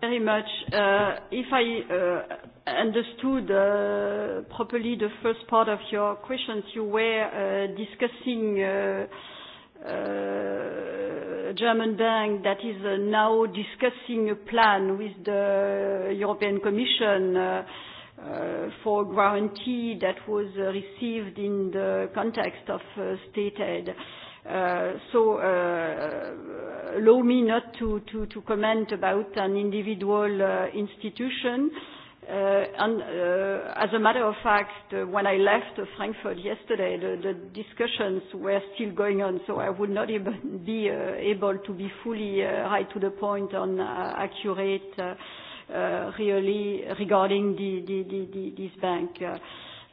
very much. Uh, if I uh, understood uh, properly the first part of your questions, you were discussing a German bank that is now discussing a plan with the European Commission for guarantee that was received in the context of state aid. Uh, uh, allow me not to comment about an individual uh, institution. As a matter of fact, when I left Frankfurt yesterday, the discussions were still going on, so I would not even be able to be fully right to the point on accurate really regarding this bank.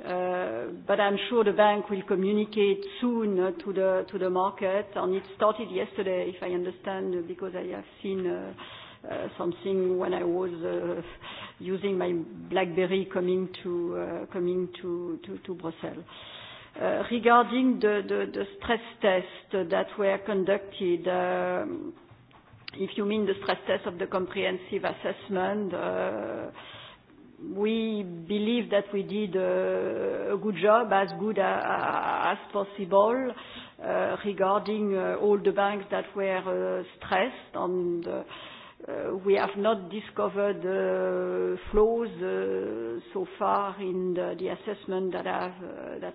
Uh, I'm sure the bank will communicate soon uh, to the market. It started yesterday, if I understand, uh, because I have seen something when I was using my BlackBerry coming to Brussels. Regarding the stress test that were conducted, um, if you mean the stress test of the comprehensive assessment, we believe that we did uh, a good job, as good uh, uh, as possible, regarding all the banks that were stressed, and we have not discovered flaws so far in the assessment that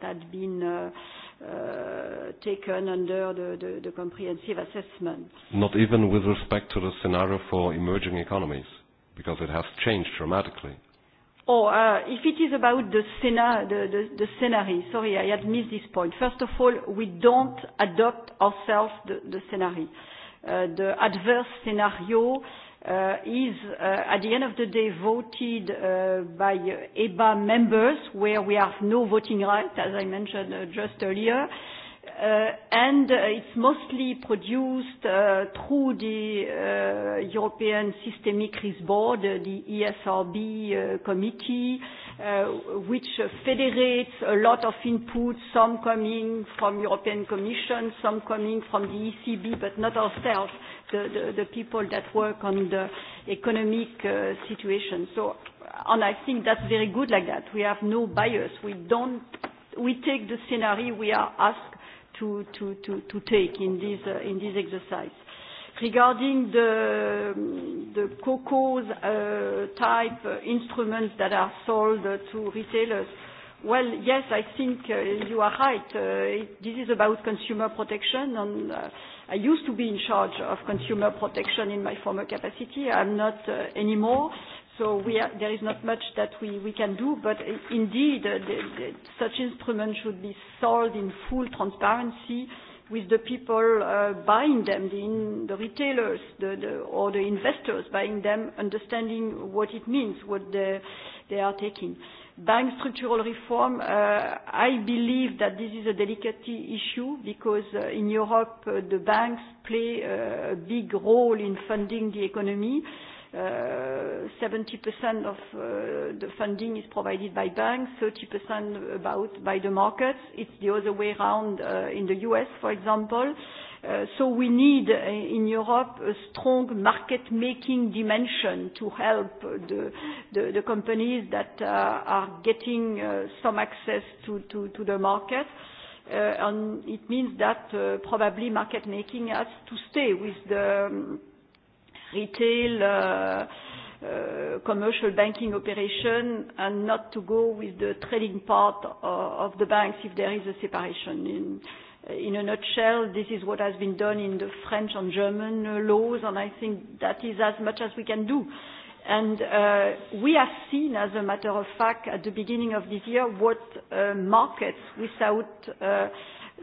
had been taken under the comprehensive assessment. Not even with respect to the scenario for emerging economies, because it has changed dramatically. Oh, uh, if it is about the scenario, sorry, I had missed this point. First of all, we don't adopt ourselves the scenario. Uh, the adverse scenario uh, is at the end of the day voted by EBA members, where we have no voting right, as I mentioned just earlier. Uh, and uh, it's mostly produced uh, through the uh, European Systemic Risk Board, uh, the ESRB uh, committee, uh, which uh, federates a lot of input, some coming from European Commission, some coming from the ECB, but not ourselves, the, the, the people that work on the economic uh, situation. So, and I think that's very good like that. We have no bias. We don't, we take the scenario we are asked to, to, to take in this, uh, in this exercise. Regarding the, the COCO's uh, type uh, instruments that are sold uh, to retailers, well, yes, I think uh, you are right. Uh, it, this is about consumer protection. And, uh, I used to be in charge of consumer protection in my former capacity. I'm not uh, anymore. Uh, There is not much that we can do, but indeed, such instruments should be sold in full transparency with the people uh, buying them, the retailers or the investors buying them, understanding what it means, what they are taking. Bank structural reform, uh, I believe that this is a delicate issue because uh, in Europe, the banks play a big role in funding the economy. 70% uh, of uh, the funding is provided by banks, 30% about by the markets. It's the other way around uh, in the U.S., for example. We need, in Europe, a strong market-making dimension to help the companies that are getting some access to the market. It means that probably market making has to stay with the um, retail, uh, uh, commercial banking operation, and not to go with the trading part of the banks if there is a separation. In a nutshell, this is what has been done in the French and German laws, and I think that is as much as we can do. Uh, we have seen, as a matter of fact, at the beginning of this year, what markets without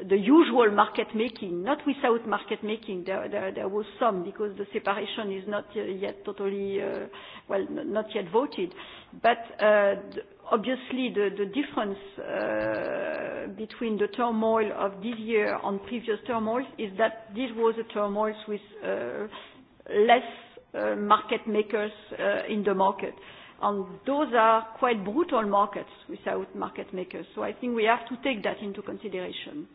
the usual market making, not without market making. There, there, there was some because the separation is not uh, yet totally, uh, well, n not yet voted. But uh, d obviously, the, the difference uh, between the turmoil of this year and previous turmoils is that this was a turmoil with uh, less uh, market makers uh, in the market. And those are quite brutal markets without market makers. So I think we have to take that into consideration.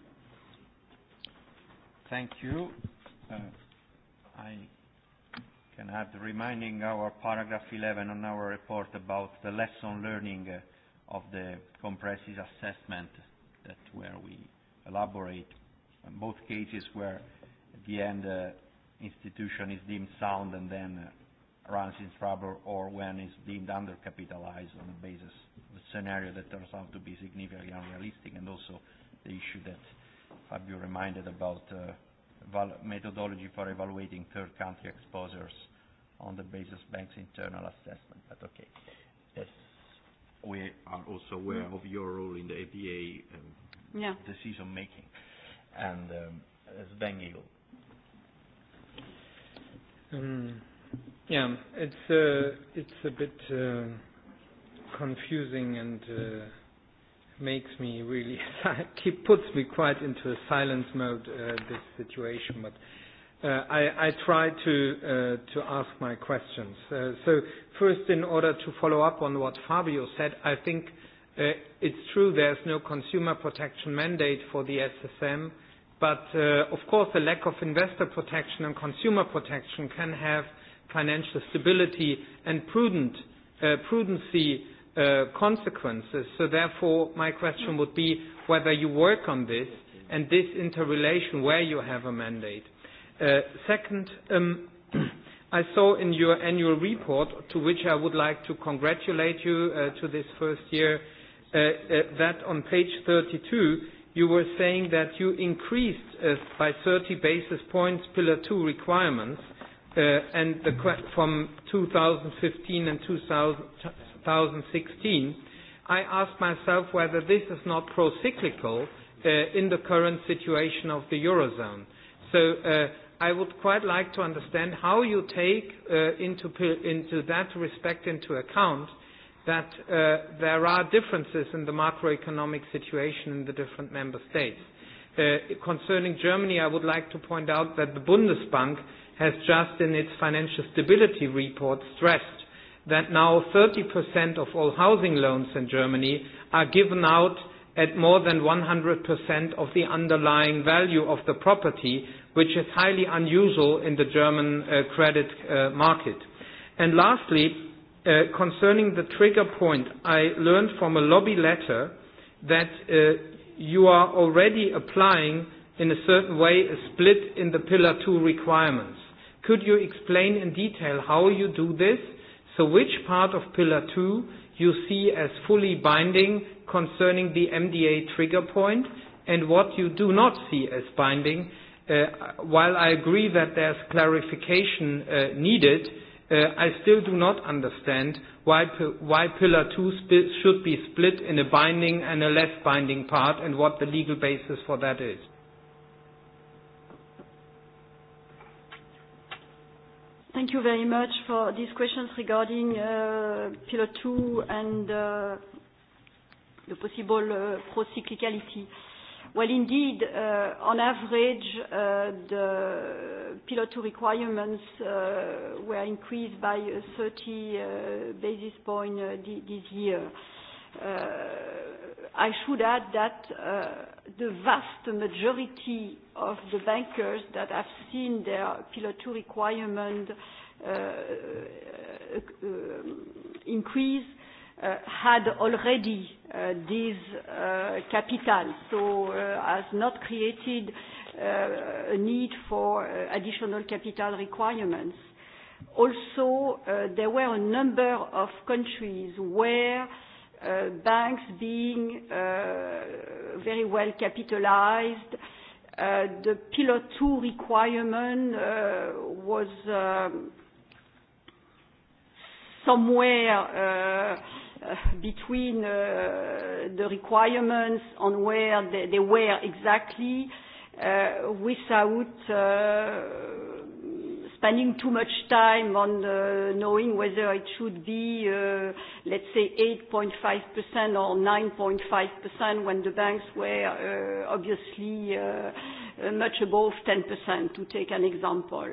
Thank you. Uh, I can add reminding our paragraph 11 on our report about the lesson learning uh, of the comprehensive assessment that where we elaborate on both cases where at the end, uh, institution is deemed sound and then runs in trouble or when is deemed under-capitalized on the basis of a scenario that turns out to be significantly unrealistic. Also the issue that have you reminded about uh, val- methodology for evaluating third country exposures on the basis bank's internal assessment. But okay. Yes. We are also aware mm. of your role in the APA um, yeah. decision making. And um, Sven Eagle. Um, yeah, it's uh, it's a bit uh, confusing and uh, makes me really keep puts me quite into a silence mode uh, this situation but uh, i i try to uh, to ask my questions uh, so first in order to follow up on what fabio said i think uh, it's true there's no consumer protection mandate for the ssm but uh, of course the lack of investor protection and consumer protection can have financial stability and prudent uh, prudency Uh, consequences. So therefore, my question would be whether you work on this and this interrelation where you have a mandate. Uh, second, um, I saw in your annual report, to which I would like to congratulate you uh, to this first year, uh, uh, that on page 32 you were saying that you increased uh, by 30 basis points Pillar 2 requirements uh, and the qu- from 2015 and 2000, 2016, I asked myself whether this is not pro-cyclical uh, in the current situation of the Eurozone. So uh, I would quite like to understand how you take uh, into, into that respect into account that uh, there are differences in the macroeconomic situation in the different member states. Uh, concerning Germany, I would like to point out that the Bundesbank has just in its financial stability report stressed that now 30% of all housing loans in Germany are given out at more than 100% of the underlying value of the property, which is highly unusual in the German uh, credit uh, market. And lastly, uh, concerning the trigger point, I learned from a lobby letter that uh, you are already applying in a certain way a split in the Pillar 2 requirements. Could you explain in detail how you do this? Which part of pillar two you see as fully binding concerning the MDA trigger point, and what you do not see as binding? Uh, while I agree that there's clarification uh, needed, uh, I still do not understand why pillar two should be split in a binding and a less binding part, and what the legal basis for that is. Thank you very much for these questions regarding uh, Pillar 2 and uh, the possible uh, pro-cyclicality. Well, indeed, on average, the Pillar 2 requirements were increased by 30 basis points this year. I should add that the vast majority of the bankers that have seen their Pillar 2 requirement uh, uh, uh, increase uh, had already uh, this uh, capital, so uh, has not created uh, a need for uh, additional capital requirements. Also, uh, there were a number of countries where uh, banks being uh, very well capitalized uh, Uh, the Pillar 2 requirement uh, was um, somewhere uh, between the requirements on where they were exactly, without spending too much time on uh, knowing whether it should be, uh, let's say, 8.5% or 9.5% when the banks were uh, obviously much above 10%, to take an example.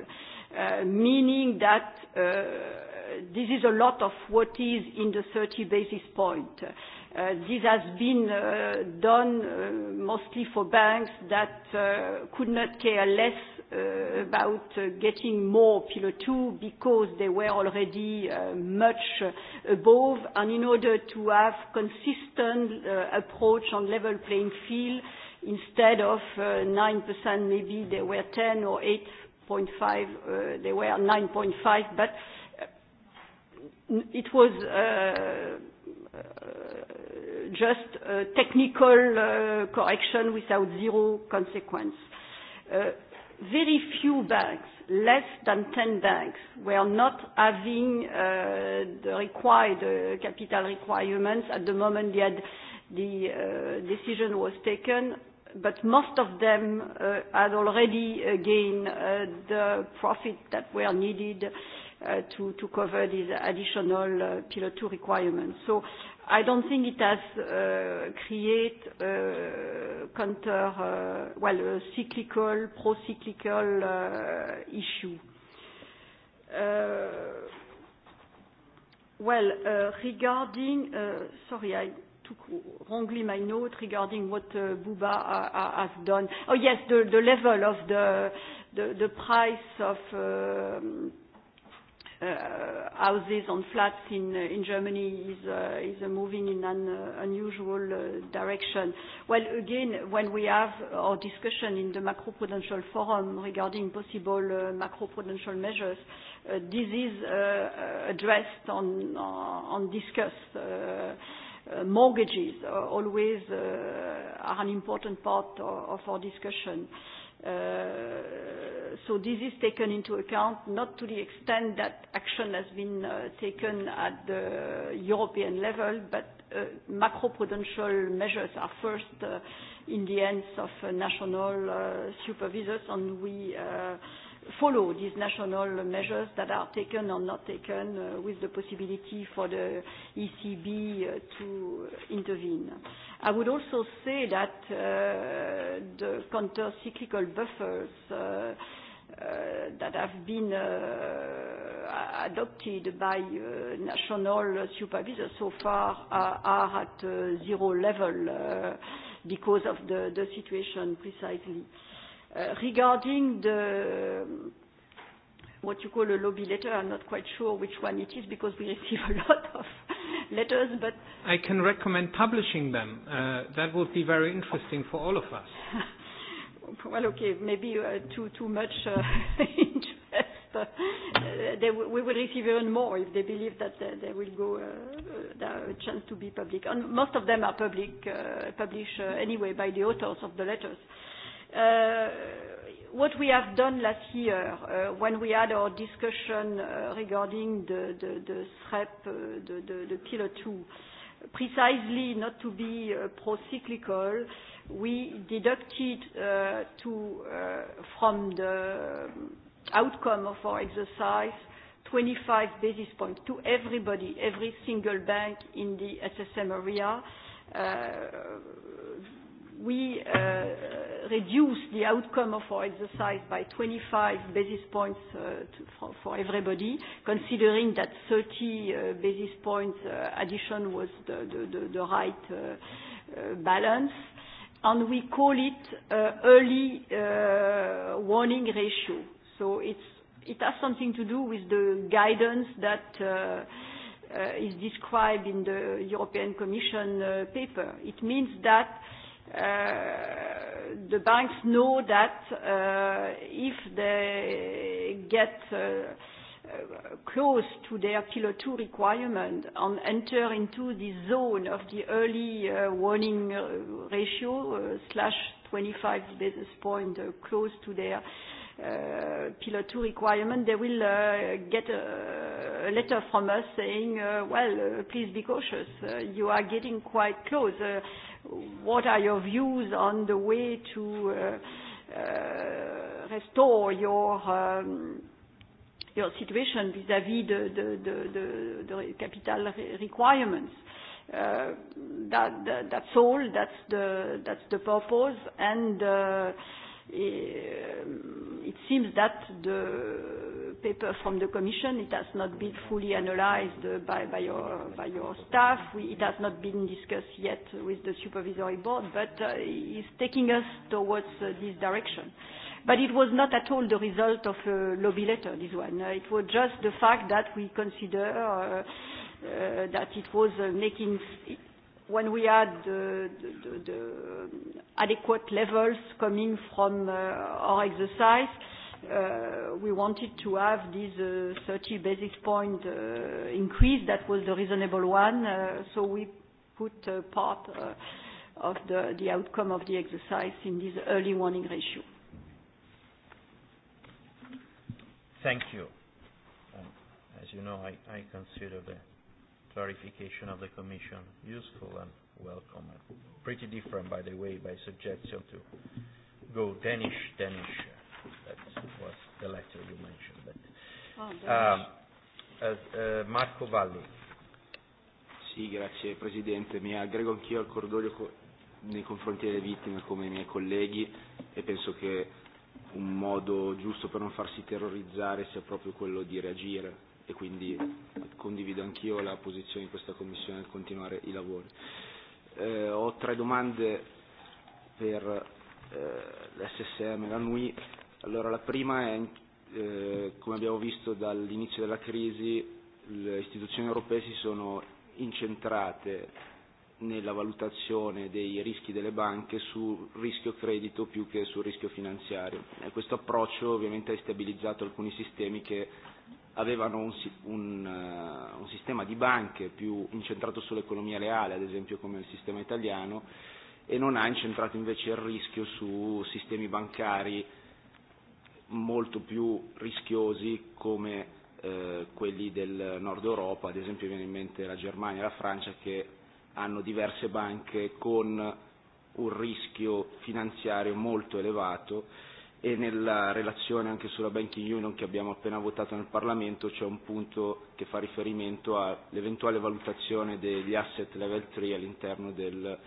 Meaning that this is a lot of what is in the 30 basis points. This has been done mostly for banks that could not care less Uh, about uh, getting more Pillar 2 because they were already uh, much above. And in order to have consistent uh, approach on level playing field, instead of uh, 9%, maybe they were 10 or 8.5, uh, they were 9.5, but uh, it was uh, uh, just a technical uh, correction without zero consequence. Uh, very few banks, less than 10 banks, were not having uh, the required uh, capital requirements at the moment they had the uh, decision was taken, but most of them uh, had already uh, gained uh, the profit that were needed uh, Uh, to cover these additional uh, Pillar 2 requirements. I don't think it has uh, create counter, well, a cyclical, pro-cyclical issue. Well, regarding, sorry, I took wrongly my note regarding what Bubba has done. Oh, yes, the level of the price of um, Uh, houses on flats in uh, Germany is uh, moving in an unusual direction. Well, again, when we have our discussion in the macroprudential forum regarding possible macroprudential measures, this is addressed on discussed. Mortgages always are an important part of our discussion. Uh, this is taken into account, not to the extent that action has been uh, taken at the European level, but uh, macro-prudential measures are first in the hands of national supervisors, and we follow these national measures that are taken or not taken uh, with the possibility for the ECB uh, to intervene. I would also say that uh, the counter-cyclical buffers uh, uh, that have been uh, adopted by uh, national supervisors so far uh, are at uh, zero level uh, because of the, the situation precisely. Uh, Uh, regarding the um, what you call a lobby letter, I'm not quite sure which one it is because we receive a lot of letters. But I can recommend publishing them. Uh, that would be very interesting for all of us. well, okay, maybe uh, too too much uh, interest. Uh, they w- we will receive even more if they believe that uh, they will go uh, uh, the chance to be public. And most of them are public uh, published uh, anyway by the authors of the letters. Uh, Uh, what we have done last year, uh, when we had our discussion uh, regarding the SREP, the Pillar 2, precisely not to be procyclical, we deducted from the outcome of our exercise 25 basis points to everybody, every single bank in the SSM area we uh, uh, reduce the outcome of our exercise by 25 basis points uh, for everybody, considering that 30 basis points addition was the right balance. We call it early warning ratio. It has something to do with the guidance that is described in the European Commission paper. It means that Uh, the banks know that uh, if they get uh, uh close to their Pillar 2 requirement and enter into the zone of the early uh, warning uh, ratio, uh, slash 25 basis point uh, close to their uh, Pillar 2 requirement, they will uh, get a, a letter from us saying, uh, well, uh, please be cautious, uh, you are getting quite close. Uh, what are your views on the way to uh, uh, restore your um, your situation vis-à-vis -vis the, the, the, the, the capital requirements. Uh, that, that, that's all. That's the that's the purpose and. Uh, Um, it seems that the paper from the Commission, it has not been fully analyzed uh, by, by, your, by your staff. We, it has not been discussed yet with the Supervisory Board, but uh, it's taking us towards uh, this direction. But it was not at all the result of a lobby letter, this one. Uh, it was just the fact that we consider uh, uh, that it was uh, making... It, when we had the adequate levels coming from uh, our exercise, uh, we wanted to have this 30 uh, basis point increase. That was the reasonable one. We put a part of the outcome of the exercise in this early warning ratio. Thank you. Um, as you know, I consider the clarification of the Commission useful and welcome. Pretty different, by the way, by suggestion to go Danish, Danish. That was the letter you mentioned. But, oh, um, as, uh, Marco Valli. Sì, grazie Presidente. Mi aggrego anch'io al cordoglio co- nei confronti delle vittime come i miei colleghi e penso che un modo giusto per non farsi terrorizzare sia proprio quello di reagire e quindi condivido anch'io la posizione di questa commissione nel continuare i lavori. Eh, ho tre domande per eh, l'SSM e la NUI. Allora, la prima è, eh, come abbiamo visto dall'inizio della crisi, le istituzioni europee si sono incentrate nella valutazione dei rischi delle banche sul rischio credito più che sul rischio finanziario. E questo approccio ovviamente ha stabilizzato alcuni sistemi che avevano un, un, eh, un sistema di banche più incentrato sull'economia reale, ad esempio come il sistema italiano, e non ha incentrato invece il rischio su sistemi bancari molto più rischiosi come eh, quelli del nord Europa, ad esempio viene in mente la Germania e la Francia che hanno diverse banche con un rischio finanziario molto elevato e nella relazione anche sulla banking union che abbiamo appena votato nel Parlamento c'è un punto che fa riferimento all'eventuale valutazione degli asset level 3 all'interno del,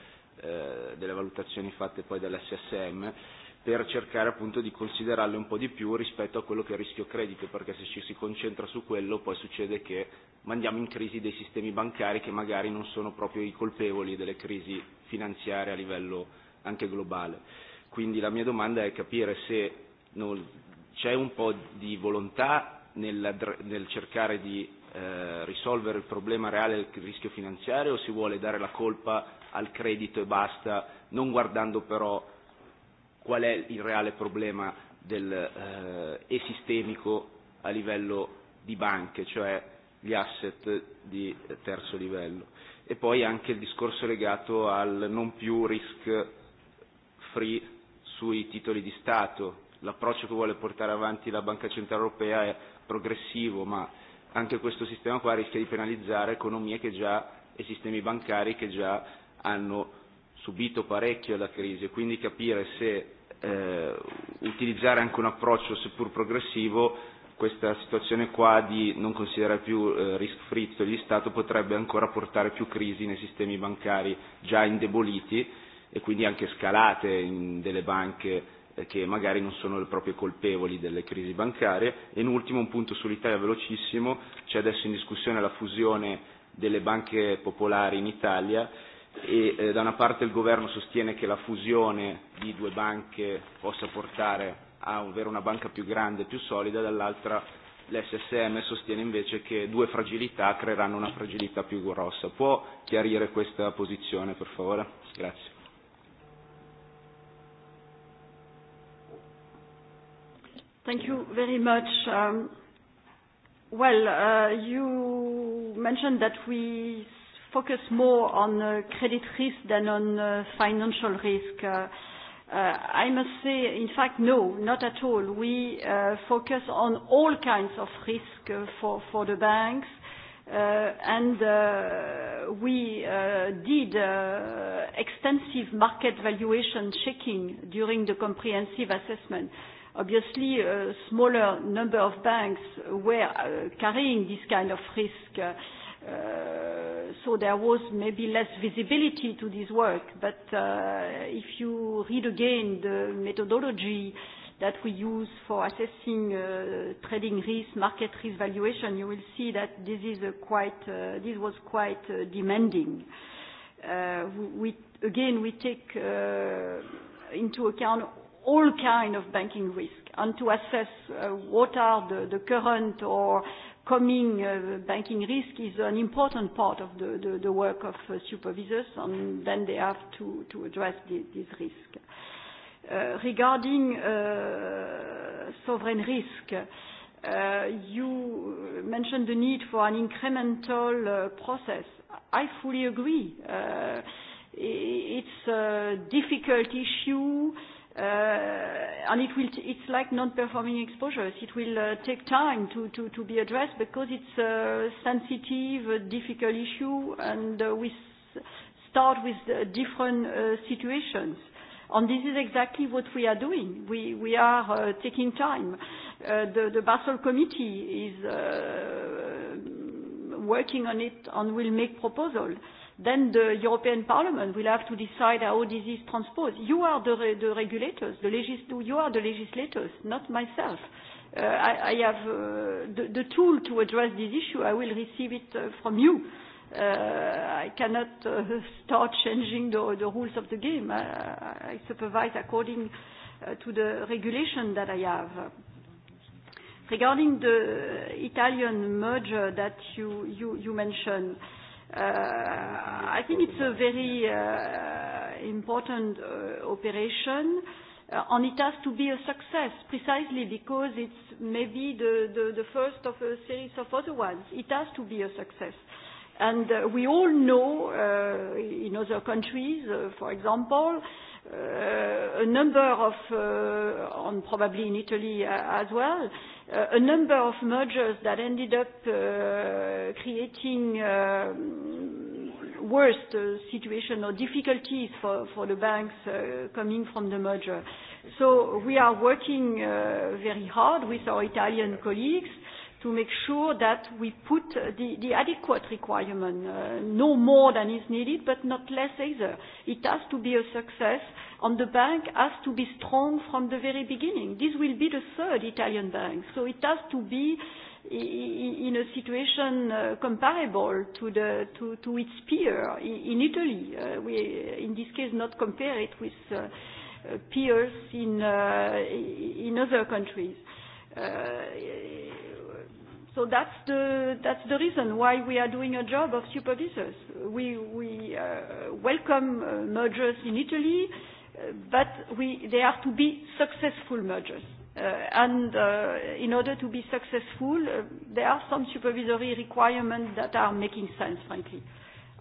eh, delle valutazioni fatte poi dall'SSM per cercare appunto di considerarle un po' di più rispetto a quello che è il rischio credito, perché se ci si concentra su quello poi succede che mandiamo in crisi dei sistemi bancari che magari non sono proprio i colpevoli delle crisi finanziarie a livello anche globale. Quindi la mia domanda è capire se non, c'è un po' di volontà nel, nel cercare di eh, risolvere il problema reale del rischio finanziario o si vuole dare la colpa al credito e basta, non guardando però qual è il reale problema del, eh, e sistemico a livello di banche, cioè gli asset di terzo livello. E poi anche il discorso legato al non più risk free sui titoli di Stato, l'approccio che vuole portare avanti la Banca Centrale Europea è progressivo, ma anche questo sistema qua rischia di penalizzare economie che già, e sistemi bancari che già hanno subito parecchio la crisi, quindi capire se eh, utilizzare anche un approccio seppur progressivo questa situazione qua di non considerare più eh, risk free titoli di Stato potrebbe ancora portare più crisi nei sistemi bancari già indeboliti e quindi anche scalate in delle banche eh, che magari non sono proprio colpevoli delle crisi bancarie. E in ultimo un punto sull'Italia velocissimo, c'è adesso in discussione la fusione delle banche popolari in Italia e eh, da una parte il governo sostiene che la fusione di due banche possa portare a avere una banca più grande e più solida, dall'altra l'SSM sostiene invece che due fragilità creeranno una fragilità più grossa. Può chiarire questa posizione, per favore? Grazie. Thank you very much. Um, well, uh, you mentioned that we focus more on uh, credit risk than on uh, financial risk. I must say, in fact, no, not at all. We focus on all kinds of risk for the banks. We did extensive market valuation checking during the comprehensive assessment. Obviously, a uh, smaller number of banks were uh, carrying this kind of risk. Uh, there was maybe less visibility to this work. If you read again the methodology that we use for assessing trading risk, market risk valuation, you will see that this was quite demanding. Again, we take into account all kind of banking risk and to assess uh, what are the, the current or coming uh, banking risk is an important part of the, the, the work of uh, supervisors and then they have to, to address the, this risk. Uh, regarding uh, sovereign risk, uh, you mentioned the need for an incremental uh, process. I fully agree. Uh, it's a difficult issue. Uh, it's like non-performing exposures. It will uh, take time to be addressed because it's a sensitive, uh, difficult issue, and we start with different situations. This is exactly what we are doing. We are taking time. The Basel Committee is working on it and will make proposals then the European Parliament will have to decide how this is transposed. You are the, re the regulators, the legis you are the legislators, not myself. Uh, I, I have uh, the, the tool to address this issue. I will receive it uh, from you. Uh, I cannot uh, start changing the, the rules of the game. I, I supervise according uh, to the regulation that I have. Regarding the Italian merger that you, you, you mentioned, Uh, I think it's a very uh, important uh, operation, uh, and it has to be a success precisely because it's maybe the, the, the first of a series of other ones. It has to be a success. And uh, we all know uh, in other countries, uh, for example, uh, a number of, uh, and probably in Italy uh, as well, uh, a number of mergers that ended up uh, creating uh, worse uh, situation or difficulties for the banks coming from the merger. We are working very hard with our Italian colleagues to make sure that we put the adequate requirement, no more than is needed, but not less either. It has to be a success on the bank has to be strong from the very beginning. This will be the third Italian bank, so it has to be in a situation uh, comparable to, the, to, to its peer in Italy. Uh, we, in this case, not compare it with uh, peers in, uh, in other countries. Uh, so that's the, that's the reason why we are doing a job of supervisors. We, we uh, welcome uh, mergers in Italy. Uh, but they are to be successful mergers. Uh, uh, in order to be successful, uh, there are some supervisory requirements that are making sense, frankly.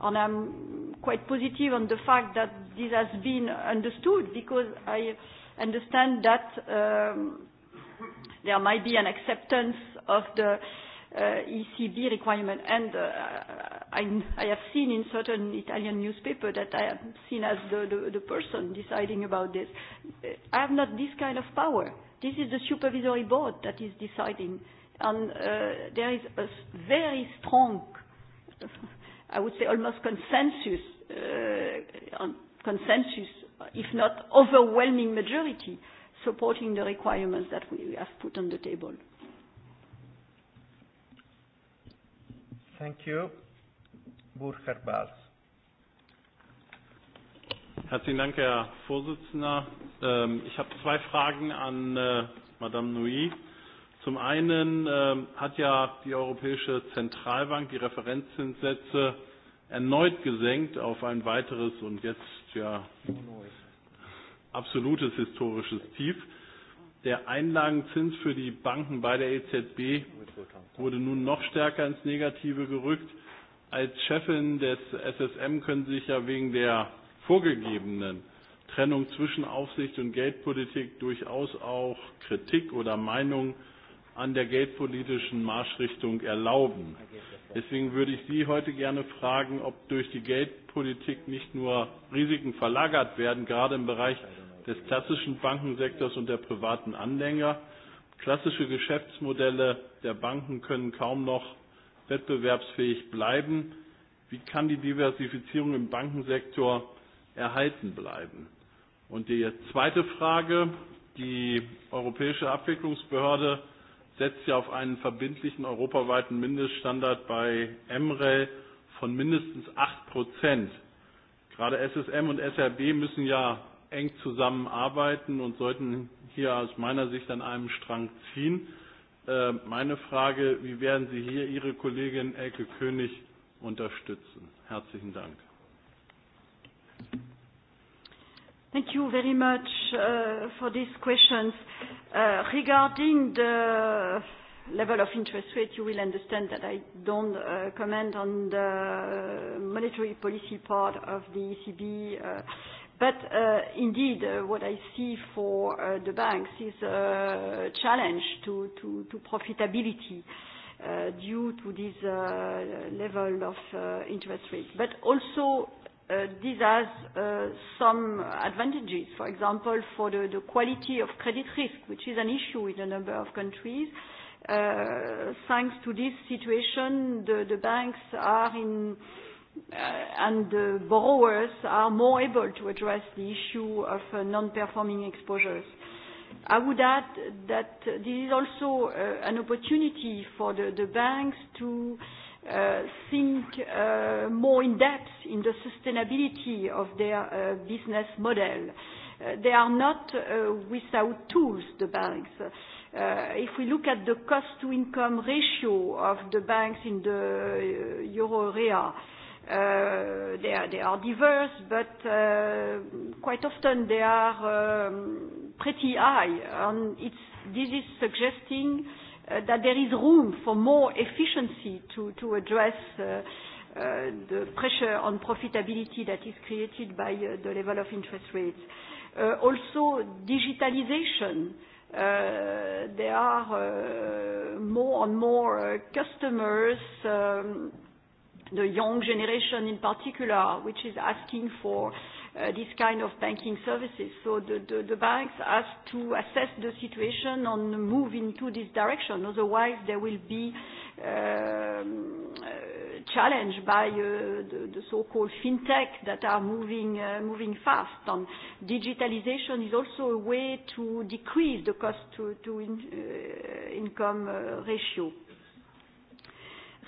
I'm quite positive on the fact that this has been understood because I understand that um, there might be an acceptance of the Uh, ECB requirement. And uh, I, I have seen in certain Italian newspaper that I am seen as the, the, the person deciding about this. Uh, I have not this kind of power. This is the supervisory board that is deciding. And uh, there is a very strong, I would say almost consensus, uh, consensus, if not overwhelming majority, supporting the requirements that we have put on the table. Thank you. Burkhard Bals. Herzlichen Dank, Herr Vorsitzender. Ähm, ich habe zwei Fragen an äh, Madame Nui. Zum einen ähm, hat ja die Europäische Zentralbank die Referenzzinssätze erneut gesenkt auf ein weiteres und jetzt ja absolutes historisches Tief. Der Einlagenzins für die Banken bei der EZB wurde nun noch stärker ins Negative gerückt. Als Chefin des SSM können Sie sich ja wegen der vorgegebenen Trennung zwischen Aufsicht und Geldpolitik durchaus auch Kritik oder Meinung an der geldpolitischen Marschrichtung erlauben. Deswegen würde ich Sie heute gerne fragen, ob durch die Geldpolitik nicht nur Risiken verlagert werden, gerade im Bereich des klassischen Bankensektors und der privaten Anleger. Klassische Geschäftsmodelle der Banken können kaum noch wettbewerbsfähig bleiben. Wie kann die Diversifizierung im Bankensektor erhalten bleiben? Und die zweite Frage. Die Europäische Abwicklungsbehörde setzt ja auf einen verbindlichen europaweiten Mindeststandard bei MREL von mindestens 8 Prozent. Gerade SSM und SRB müssen ja eng zusammenarbeiten und sollten hier aus meiner Sicht an einem Strang ziehen. Äh, meine Frage, wie werden Sie hier Ihre Kollegin Elke König unterstützen? Herzlichen Dank. Thank you very much uh, for these questions. Uh, regarding the level of interest rate, you will understand that I don't uh, comment on the monetary policy part of the ECB. Uh, Uh, indeed, uh, what I see for uh, the banks is a challenge to profitability due to this level of interest rates. Also, this has some advantages. For example, for the quality of credit risk, which is an issue in a number of countries. Thanks to this situation, the banks are in Uh, and the borrowers are more able to address the issue of uh, non-performing exposures. I would add that this is also uh, an opportunity for the banks to think more in depth in the sustainability of their business model. They are not without tools, the banks. If we look at the cost-to-income ratio of the banks in the Euro area, Uh, they are, they are diverse, but uh, quite often they are um, pretty high. And it's, this is suggesting uh, that there is room for more efficiency to, to address uh, uh, the pressure on profitability that is created by uh, the level of interest rates. Uh, also, digitalization. Uh, there are uh, more and more uh, customers um, the young generation in particular, which is asking for uh, this kind of banking services. So the, the, the banks have to assess the situation and move into this direction. Otherwise, there will be um, uh, challenged by uh, the, the so-called fintech that are moving, uh, moving fast. And digitalization is also a way to decrease the cost-to-income to in, uh, uh, ratio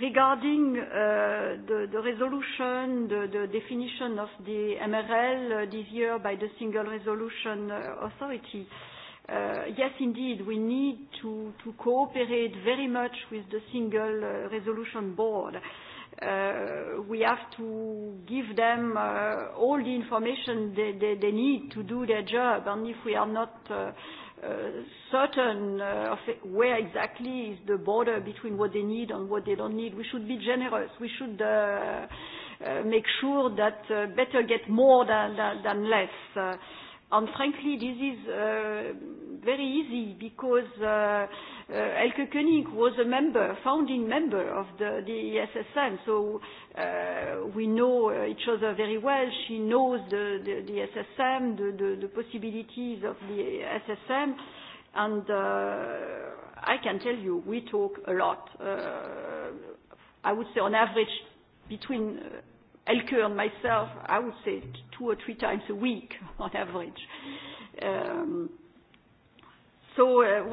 regarding uh, the resolution, the definition of the MREL uh, this year by the Single Resolution uh, Authority. Yes, indeed, we need to cooperate very much with the Single Resolution Board. We have to give them all the information they need to do their job. If we are not Uh, certain uh, of it, where exactly is the border between what they need and what they don't need. We should be generous. We should uh, uh, make sure that uh, better get more than, than, than less. Uh, and frankly, this is uh, very easy because uh, uh, Elke Koenig was a member, founding member of the, the e SSM, so uh, we know uh, each other very well. She knows the, the, the e SSM, the, the, the possibilities of the e SSM, and uh, I can tell you, we talk a lot. Uh, I would say on average between uh, Elke and myself, I would say two or three times a week on average. Um, Uh,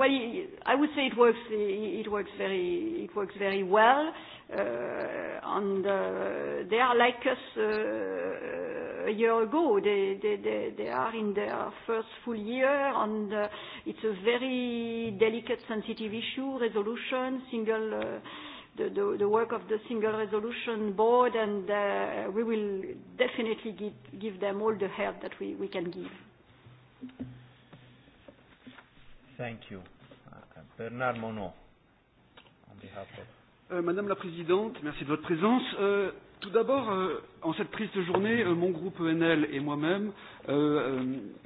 it works very well. Uh, uh, they are like us a year ago. They are in their first full year, and it's a very delicate, sensitive issue, resolution, the work of the Single Resolution Board, and we will definitely give them all the help that we can give. Thank you. Bernard Monod, on behalf of... Euh, Madame la Présidente, merci de votre présence. Euh, tout d'abord, euh, en cette triste journée, euh, mon groupe ENL et moi-même euh,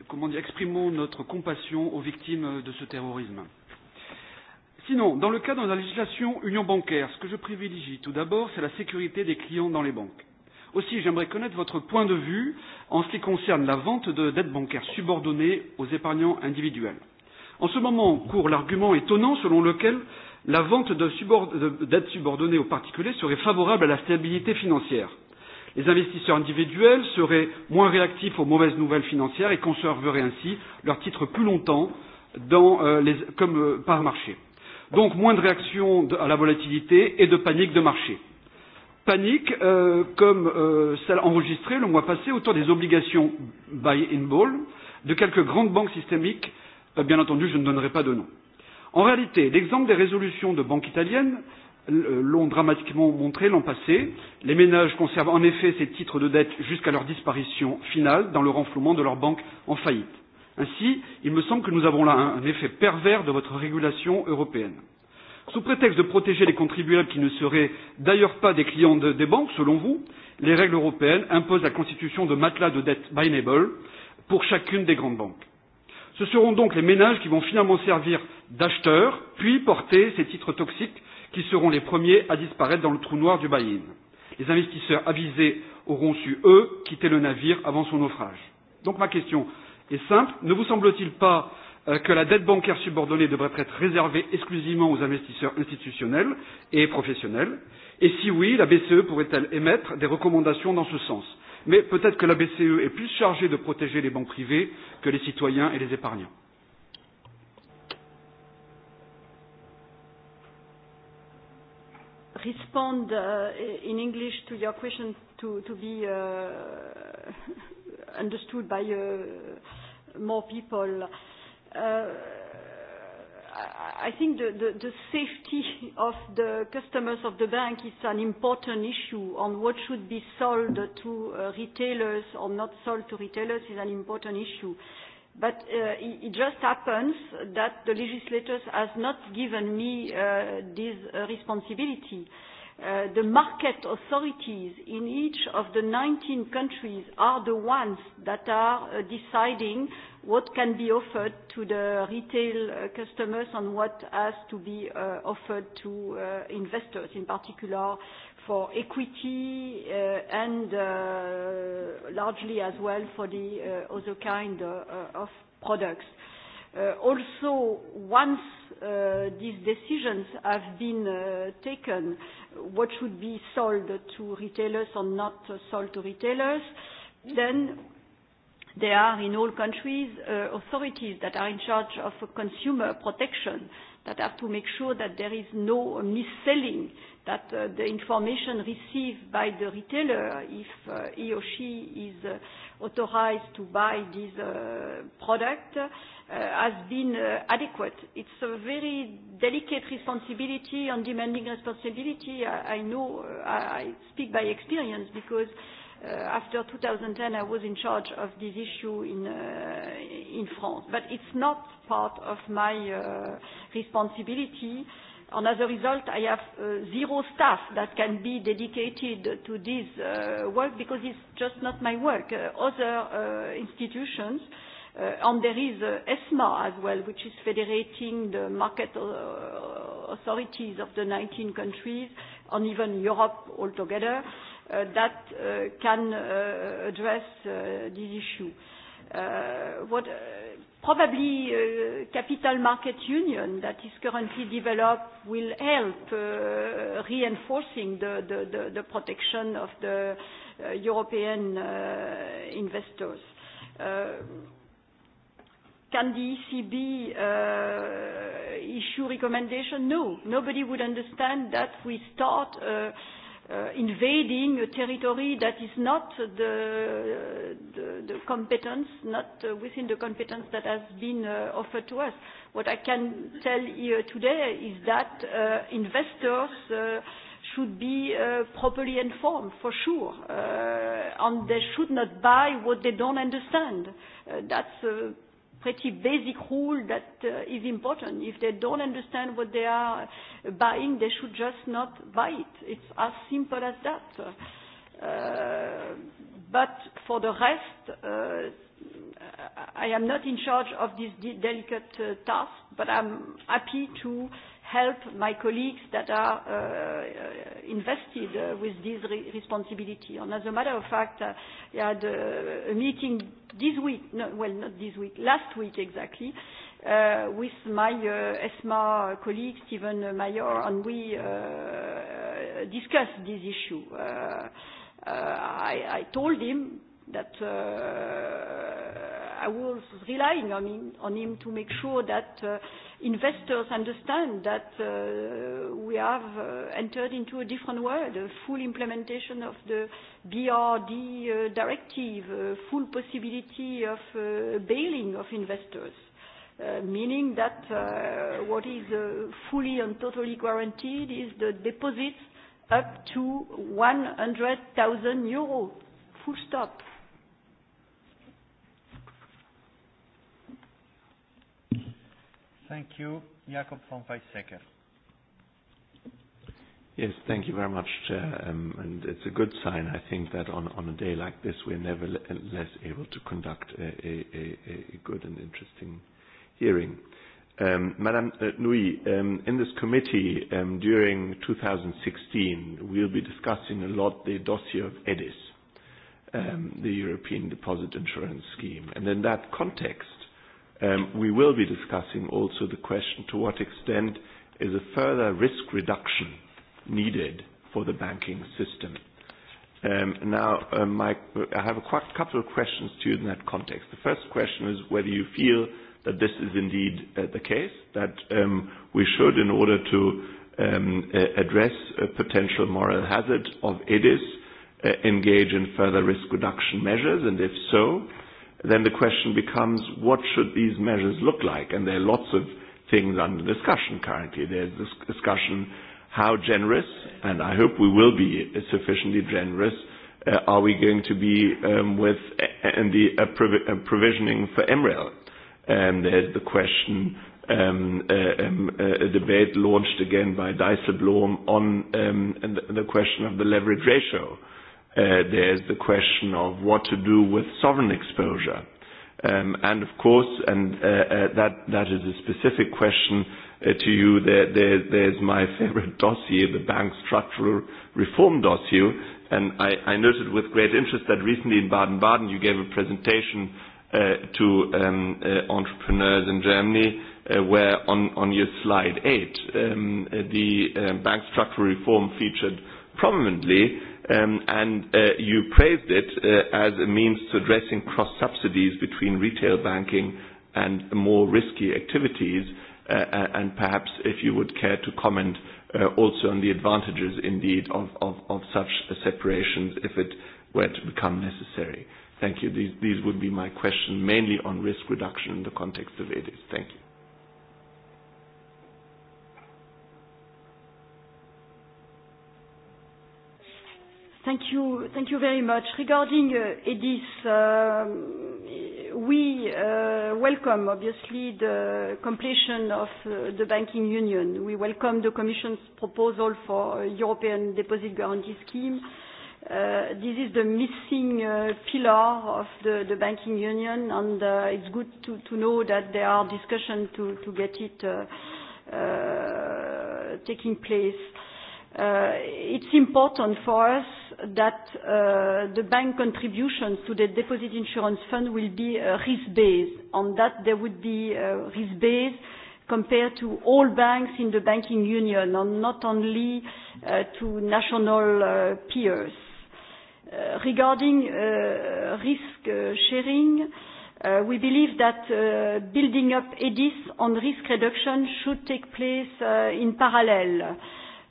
euh, exprimons notre compassion aux victimes de ce terrorisme. Sinon, dans le cadre de la législation union bancaire, ce que je privilégie tout d'abord, c'est la sécurité des clients dans les banques. Aussi, j'aimerais connaître votre point de vue en ce qui concerne la vente de dettes bancaires subordonnées aux épargnants individuels. En ce moment court l'argument étonnant selon lequel la vente d'aides subord... subordonnées aux particuliers serait favorable à la stabilité financière. Les investisseurs individuels seraient moins réactifs aux mauvaises nouvelles financières et conserveraient ainsi leurs titres plus longtemps dans, euh, les... comme euh, par marché. Donc moins de réaction de... à la volatilité et de panique de marché. Panique euh, comme euh, celle enregistrée le mois passé autour des obligations buy in ball de quelques grandes banques systémiques Euh, bien entendu, je ne donnerai pas de nom. En réalité, l'exemple des résolutions de banques italiennes euh, l'ont dramatiquement montré l'an passé. Les ménages conservent en effet ces titres de dette jusqu'à leur disparition finale dans le renflouement de leurs banques en faillite. Ainsi, il me semble que nous avons là un effet pervers de votre régulation européenne. Sous prétexte de protéger les contribuables qui ne seraient d'ailleurs pas des clients de, des banques, selon vous, les règles européennes imposent la constitution de matelas de dette bineable pour chacune des grandes banques. Ce seront donc les ménages qui vont finalement servir d'acheteurs, puis porter ces titres toxiques qui seront les premiers à disparaître dans le trou noir du buy-in. Les investisseurs avisés auront su, eux, quitter le navire avant son naufrage. Donc ma question est simple. Ne vous semble-t-il pas euh, que la dette bancaire subordonnée devrait être réservée exclusivement aux investisseurs institutionnels et professionnels Et si oui, la BCE pourrait-elle émettre des recommandations dans ce sens mais peut-être que la BCE est plus chargée de protéger les banques privées que les citoyens et les épargnants. Respond uh, in English to your question to, to be uh, understood by uh, more people. Uh, I think the, the, the safety of the customers of the bank is an important issue on what should be sold to uh, retailers or not sold to retailers is an important issue. But uh, it just happens that the legislators has not given me uh, this uh, responsibility. Uh, Uh, the market authorities in each of the 19 countries are the ones that are uh, deciding what can be offered to the retail uh, customers and what has to be uh, offered to uh, investors, in particular for equity uh, and uh, largely as well for the uh, other kind uh, of products. Uh, also, once uh, these decisions have been uh, taken, what should be sold to retailers or not sold to retailers, then there are in all countries uh, authorities that are in charge of consumer protection that have to make sure that there is no mis-selling uh, that uh, the information received by the retailer, if uh, he or she is uh, authorized to buy this uh, product, uh, has been uh, adequate. It's a very delicate responsibility and demanding responsibility. I, I know, uh, I speak by experience because uh, after 2010 I was in charge of this issue in, uh, in France. But it's not part of my uh, responsibility. Uh, and as a result I have uh, zero staff that can be dedicated to this uh, work because it's just not my work. Uh, other uh, institutions, uh, and there is uh, ESMA as well which is federating the market uh, authorities of the 19 countries and even Europe altogether, uh, that uh, can uh, address uh, this issue. Uh, what, uh, Probably a uh, capital market union that is currently developed will help uh, reinforcing the protection of the uh, European investors. Can the ECB issue recommendation? No. Nobody would understand that we start uh, invading a territory that is not the, the, the competence, not uh, within the competence that has been uh, offered to us. What I can tell you today is that uh, investors uh, should be uh, properly informed, for sure, uh, and they should not buy what they don't understand. Uh, that's uh, pretty basic rule that uh, is important. If they don't understand what they are buying, they should just not buy it. It's as simple as that. Uh, but for the rest, uh, I am not in charge of this de delicate uh, task, but I'm happy to help my colleagues that are uh, uh, invested uh, with this re responsibility. And as a matter of fact, uh, we had a, a meeting this week, no, well, not this week, last week exactly, uh, with my uh, ESMA colleague, Stephen Mayor, and we uh, discussed this issue. Uh, uh, I, I told him that uh, I was relying on him, on him to make sure that uh, investors understand that uh, we have uh, entered into a different world, a full implementation of the BRRD uh, directive, full possibility of bailing of investors. Meaning that what is fully and totally guaranteed is the deposits up to 100,000 euros. Full stop. Thank you. Jacob van Wijsselaar. Yes, thank you very much, Chair. Um, it's a good sign, I think, that on a day like this, we're nevertheless able to conduct a good and interesting hearing. Um, Madame uh, Nouy, um, in this committee, during 2016, we'll be discussing a lot the dossier of EDIS, the European Deposit Insurance Scheme. In that context, Um, we will be discussing also the question to what extent is a further risk reduction needed for the banking system. Um, now, uh, Mike, I have a couple of questions to you in that context. The first question is whether you feel that this is indeed uh, the case, that um, we should, in order to address a potential moral hazard of EDIS, uh, engage in further risk reduction measures, and if so, then the question becomes what should these measures look like? And there are lots of things under discussion currently. There's this discussion how generous, and I hope we will be sufficiently generous, uh, are we going to be um, with a, uh, and the uh, prov- uh, provisioning for MREL? Um, there's the question, um, uh, um, uh, a debate launched again by Dijsselbloem on um, and the question of the leverage ratio. Uh, there's the question of what to do with sovereign exposure. Um, and of course, and uh, uh, that, that is a specific question uh, to you, there, there, there's my favorite dossier, the bank structural reform dossier. And I, I noted with great interest that recently in Baden-Baden you gave a presentation uh, to um, uh, entrepreneurs in Germany uh, where on, on your slide 8 um, uh, the uh, bank structural reform featured prominently uh, um, and uh, you praised it uh, as a means to addressing cross subsidies between retail banking and more risky activities. Uh, uh and perhaps if you would care to comment uh, also on the advantages indeed of, of, of such a separation if it were to become necessary. Thank you. These, these would be my question mainly on risk reduction in the context of ADIS. Thank you. Thank you. Thank you very much. Regarding uh, Elis, um, we uh, welcome, obviously, the completion of uh, the banking union. We welcome the Commission's proposal for European Deposit Guarantee Scheme. This is the missing pillar of the banking union, and it's good to know that there are discussions to get it taking place uh, it's important for us that uh, the bank contributions to the deposit insurance fund will be uh, risk-based. On that, there would be uh, risk-based compared to all banks in the banking union and not only uh, to national uh, peers. Uh, regarding uh, risk uh, sharing, uh, we believe that uh, building up EDIS on risk reduction should take place uh, in parallel. Uh,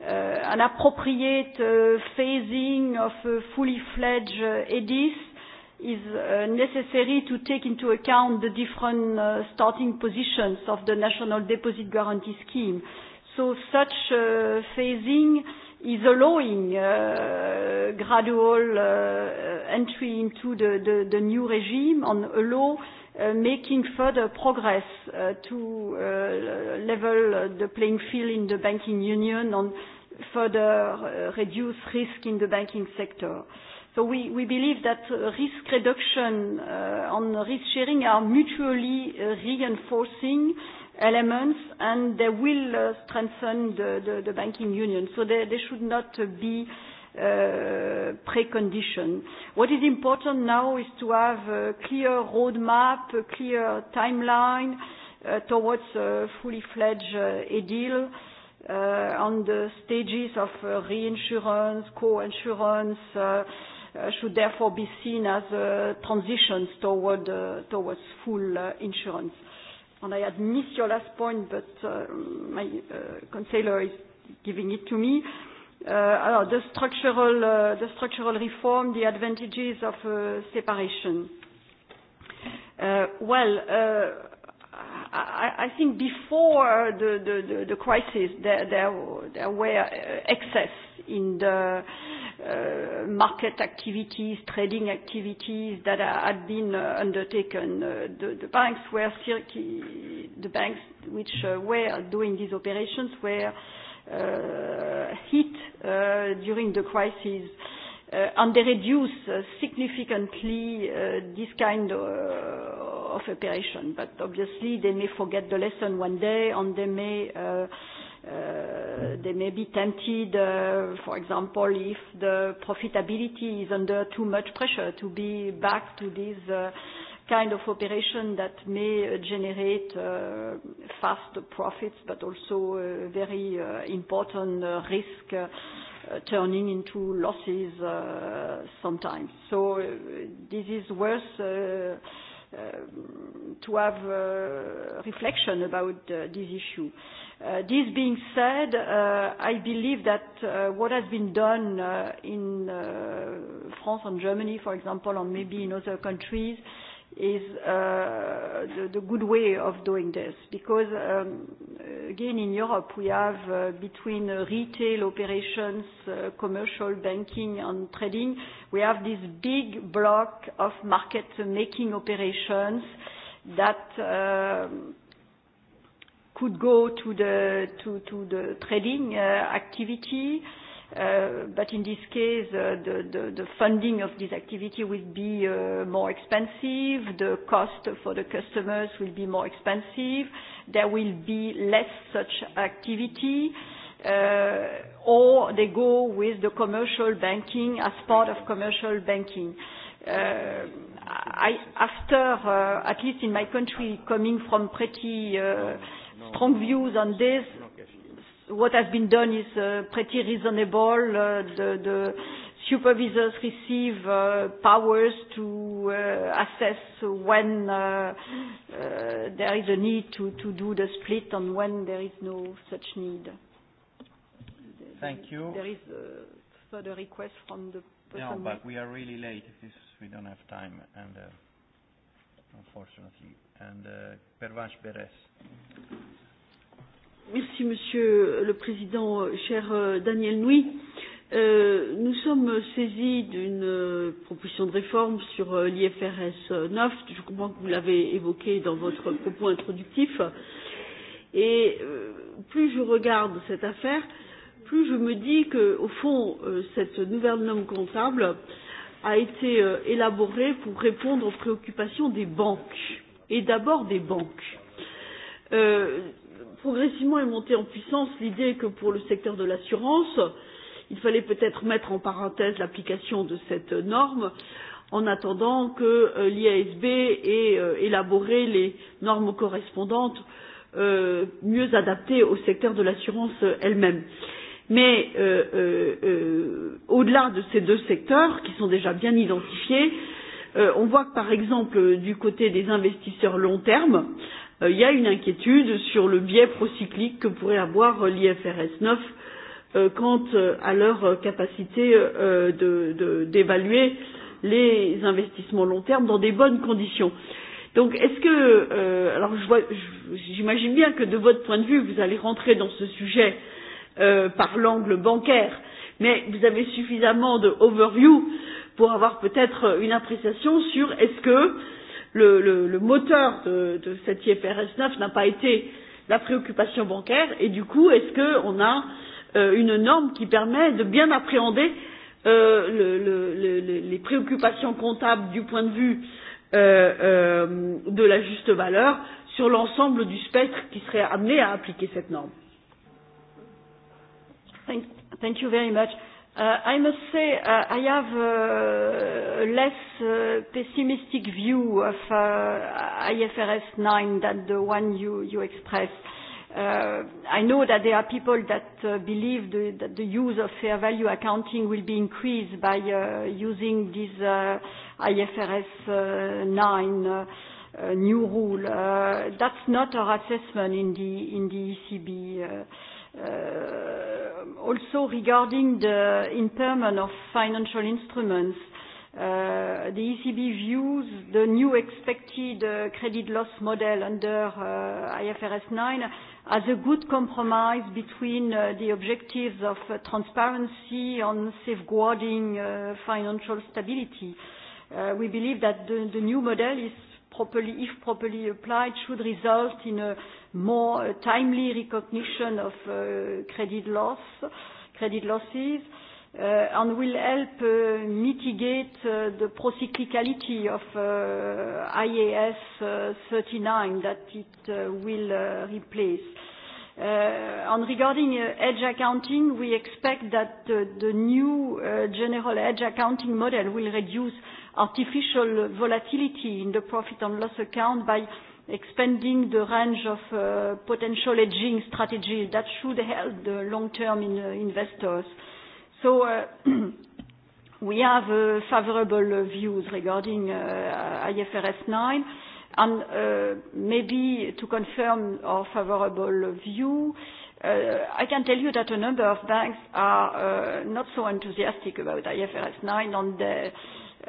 uh, an appropriate uh, phasing of a fully fledged uh, EDIS uh, is uh, necessary to take into account the different uh, starting positions of the National Deposit Guarantee Scheme. So such uh, phasing is allowing uh, gradual uh, entry into the, the, the new regime and allow uh, Uh, making further progress uh, to uh, level uh, the playing field in the banking union and further uh, reduce risk in the banking sector. So we, we believe that uh, risk reduction uh, and risk sharing are mutually uh, reinforcing elements and they will uh, strengthen the, the, the banking union. So they, they should not uh, be uh, Uh, precondition. What is important now is to have a clear roadmap, a clear timeline uh, towards a fully fledged uh, e deal on the stages of reinsurance, co-insurance should therefore be seen as a transition towards full insurance. I had missed your last point, but my counselor is giving it to me. Uh, alors, the structural, uh, the structural reform, the advantages of uh, separation. Uh, well, uh, I, I think before the, the, the, the crisis, there, there, there were excess in the uh, market activities, trading activities that had been uh, undertaken. Uh, the, the banks were, the banks which uh, were doing these operations were uh, Uh, uh, the crisis, uh, and they reduce significantly this kind of operation. Obviously, they may forget the lesson one day, and they may be tempted, for example, if the profitability is under too much pressure to be back to kind of operation that may uh, generate uh, fast profits, but also uh, very important risk turning into losses sometimes. This is worth to have reflection about this issue. This being said, I believe that what has been done in France and Germany, for example, or maybe in other countries, is uh, the, the good way of doing this because um, again in Europe we have uh, between uh, retail operations, uh, commercial banking and trading, we have this big block of market making operations that uh, could go to the, to, to the trading uh, activity uh, Uh, but in this case, uh, the funding of this activity will be uh, more expensive. The cost for the customers will be more expensive. There will be less such activity, or they go with the commercial banking as part of commercial banking. After, at least in my country, coming from pretty strong views on this, what has been done is uh, pretty reasonable. Uh, the, the supervisors receive uh, powers to uh, assess when uh, uh, there is a need to, to do the split and when there is no such need. Thank you. There is a uh, further request from the person. No, but we are really late. This, we don't have time, and uh, unfortunately. And uh, Pervash Beres. Merci Monsieur le Président, cher euh, Daniel Nui. Euh, nous sommes saisis d'une euh, proposition de réforme sur euh, l'IFRS 9. Je comprends que vous l'avez évoqué dans votre propos introductif. Et euh, plus je regarde cette affaire, plus je me dis qu'au fond, euh, cette nouvelle norme comptable a été euh, élaborée pour répondre aux préoccupations des banques. Et d'abord des banques. Euh, progressivement est montée en puissance l'idée que pour le secteur de l'assurance, il fallait peut-être mettre en parenthèse l'application de cette norme en attendant que euh, l'IASB ait euh, élaboré les normes correspondantes euh, mieux adaptées au secteur de l'assurance euh, elle-même. Mais euh, euh, euh, au-delà de ces deux secteurs qui sont déjà bien identifiés, euh, on voit que par exemple du côté des investisseurs long terme, euh, il y a une inquiétude sur le biais procyclique que pourrait avoir euh, l'IFRS 9 euh, quant euh, à leur euh, capacité euh, d'évaluer de, de, les investissements long terme dans des bonnes conditions. Donc, est-ce que, euh, alors, j'imagine bien que de votre point de vue, vous allez rentrer dans ce sujet euh, par l'angle bancaire, mais vous avez suffisamment de overview pour avoir peut-être une appréciation sur est-ce que euh, le, le, le moteur de, de cet IFRS 9 n'a pas été la préoccupation bancaire et du coup, est-ce qu'on a euh, une norme qui permet de bien appréhender euh, le, le, le, les préoccupations comptables du point de vue euh, euh, de la juste valeur sur l'ensemble du spectre qui serait amené à appliquer cette norme. Thank, thank you very much. Uh, I must say uh, I have a uh, less uh, pessimistic view of uh, IFRS 9 than the one you, you expressed. Uh, I know that there are people that uh, believe the, that the use of fair value accounting will be increased by uh, using this uh, IFRS uh, 9 uh, uh, new rule. Uh, that's not our assessment in the, in the ECB. Uh, uh, Uh, also regarding the impairment of financial instruments, uh, the ECB views the new expected uh, credit loss model under IFRS 9 as a good compromise between the objectives of transparency on safeguarding financial stability. We believe that the new model, if properly applied, should result in a more timely recognition of uh, credit loss, credit losses, uh, and will help uh, mitigate the procyclicality of IAS 39 that it will replace. Regarding hedge accounting, we expect that the new general hedge accounting model will reduce artificial volatility in the profit and loss account by expanding the range of uh, potential hedging strategy that should help the long-term uh, investors. Uh, we have favorable views regarding IFRS 9. Maybe to confirm our favorable view, I can tell you that a number of banks are not so enthusiastic about IFRS 9 on the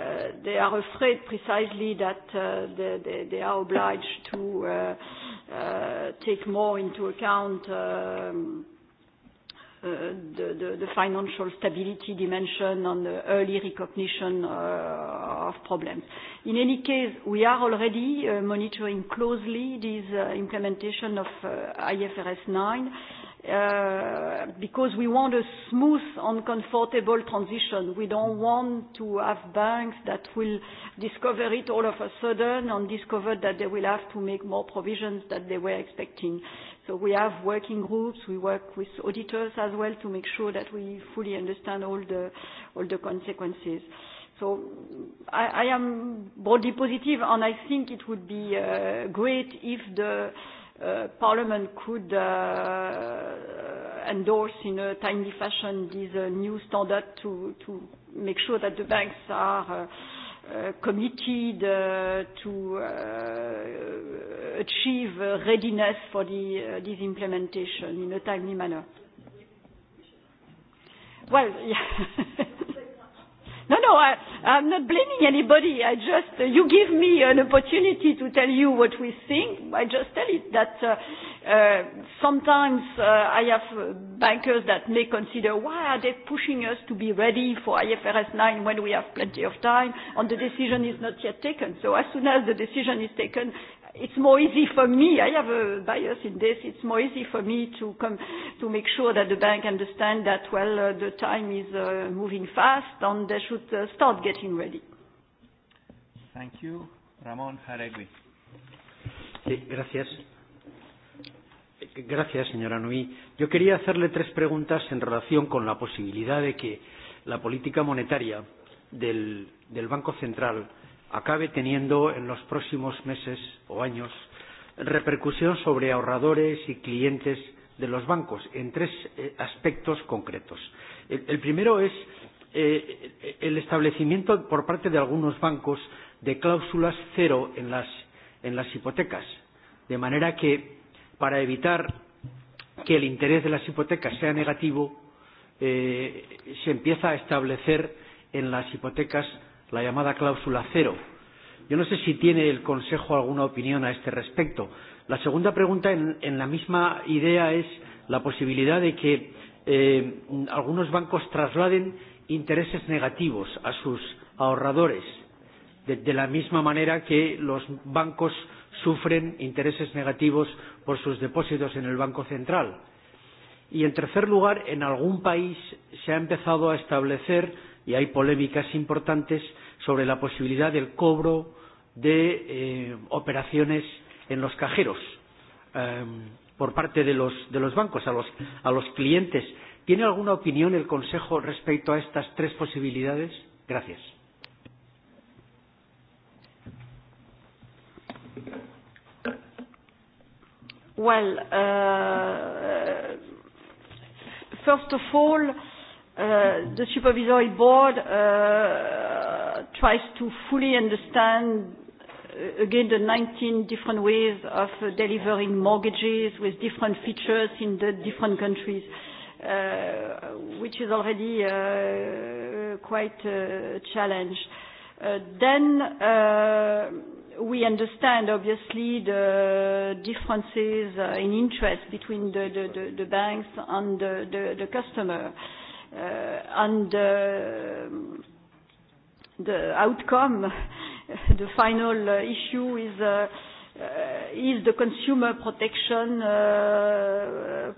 Uh, they are afraid precisely that uh, they, they, they are obliged to uh, uh, take more into account um, uh, the, the, the financial stability dimension and the early recognition uh, of problems. In any case, we are already uh, monitoring closely this uh, implementation of uh, IFRS 9. Uh, because we want a smooth and comfortable transition. We don't want to have banks that will discover it all of a sudden and discover that they will have to make more provisions than they were expecting. So we have working groups, we work with auditors as well to make sure that we fully understand all the, all the consequences. So I, I am broadly positive and I think it would be uh, great if the... Uh, Uh, Parliament could uh, endorse in a timely fashion this uh, new standard to, to make sure that the banks are uh, uh, committed uh, to uh, achieve uh, readiness for the, uh, this implementation in a timely manner. Well, yeah. No, no, I, I'm not blaming anybody. I just, uh, you give me an opportunity to tell you what we think. I just tell it that uh, uh, sometimes uh, I have uh, bankers that may consider why are they pushing us to be ready for IFRS 9 when we have plenty of time and the decision is not yet taken. So as soon as the decision is taken, it's more easy for me. I have a bias in this. It's more easy for me to come to make sure that the bank understands that well uh, the time is uh, moving fast and they should uh, start getting ready. Thank you, Ramon Jaregui. Sí, gracias. Gracias, señora Noí. Yo quería hacerle tres preguntas en relación con la posibilidad de que la política monetaria del, del Banco Central acabe teniendo en los próximos meses o años repercusión sobre ahorradores y clientes de los bancos en tres eh, aspectos concretos. El, el primero es eh, el establecimiento por parte de algunos bancos de cláusulas cero en las, en las hipotecas, de manera que para evitar que el interés de las hipotecas sea negativo, eh, se empieza a establecer en las hipotecas la llamada cláusula cero. Yo no sé si tiene el Consejo alguna opinión a este respecto. La segunda pregunta, en, en la misma idea, es la posibilidad de que eh, algunos bancos trasladen intereses negativos a sus ahorradores, de, de la misma manera que los bancos sufren intereses negativos por sus depósitos en el Banco Central. Y, en tercer lugar, en algún país se ha empezado a establecer y hay polémicas importantes sobre la posibilidad del cobro de eh, operaciones en los cajeros eh, por parte de los, de los bancos a los, a los clientes. ¿Tiene alguna opinión el Consejo respecto a estas tres posibilidades? Gracias. Well, uh, first of all, Uh, the supervisory board uh, tries to fully understand uh, again the 19 different ways of uh, delivering mortgages with different features in the different countries uh, which is already uh, quite a uh, challenge uh, then uh, we understand obviously the differences uh, in interest between the, the, the, the banks and the, the, the customer uh, Uh, the outcome, the final uh, issue uh, is the consumer protection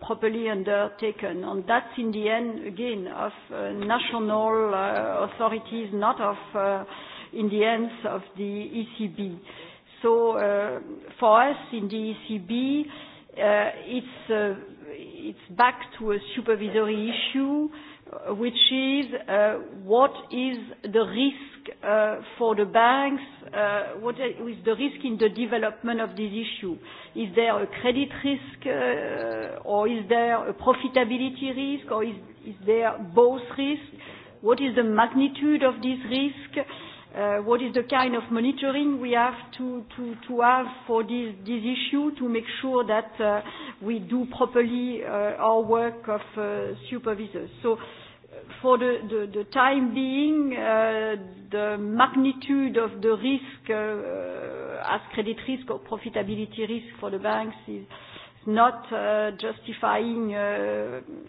properly undertaken? That's in the end, again, of national authorities, not of, in the ends of the ECB. For us in the ECB, it's back to a supervisory issue which is uh, what is the risk uh, for the banks? Uh, what is the risk in the development of this issue? Is there a credit risk, or is there a profitability risk, or is there both risks? What is the magnitude of this risk? What is the kind of monitoring we have to have for this issue to make sure that we do properly our work of supervisors? for the time being, uh, the magnitude of the risk uh, uh, as credit risk or profitability risk for the banks is not justifying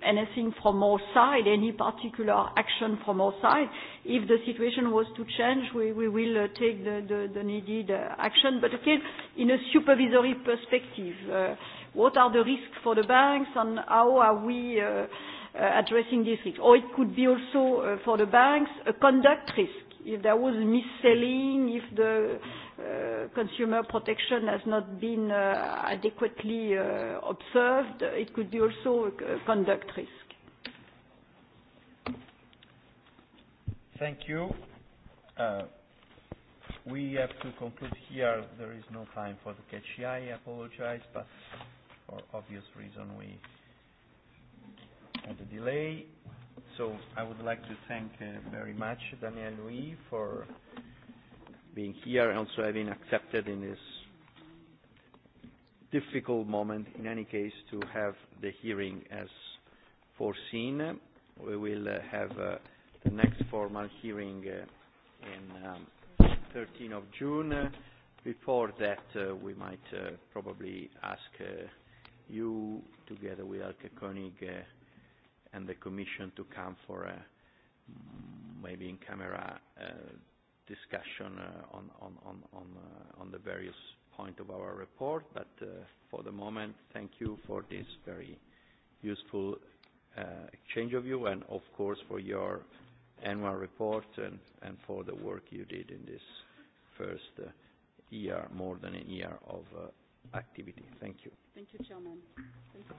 anything from our side, any particular action from our side. If the situation was to change, we will take the needed action. Again, in a supervisory perspective, what are the risks for the banks and how are we Uh, addressing this risk. Or it could be also uh, for the banks, a conduct risk. If there was mis-selling, if the uh, consumer protection has not been adequately observed, it could be also a conduct risk. Thank you. We have to conclude here. There is no time for the catch-the-eye. I apologize, but for obvious reason, on the delay. So I would like to thank uh, very much Daniel Louis for being here and also having accepted in this difficult moment, in any case, to have the hearing as foreseen. We will uh, have uh, the next formal hearing uh, in um, 13th of June. Before that, uh, we might uh, probably ask uh, you, together with Alke Koenig, uh, and the Commission to come for a maybe in camera uh, discussion uh, on on on on, uh, on the various point of our report. But uh, for the moment, thank you for this very useful uh, exchange of view, and of course for your annual report and and for the work you did in this first uh, year, more than a year of uh, activity. Thank you. Thank you, Chairman. Thank you.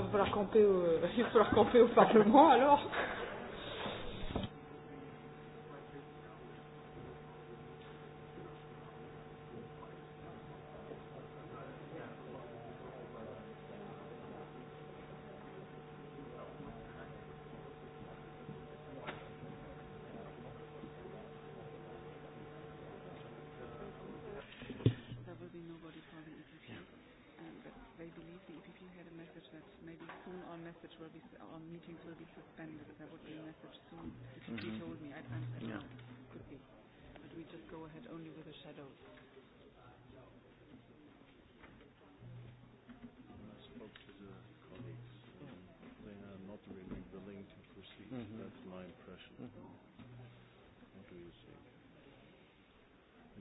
va falloir camper au, va falloir camper au Parlement alors.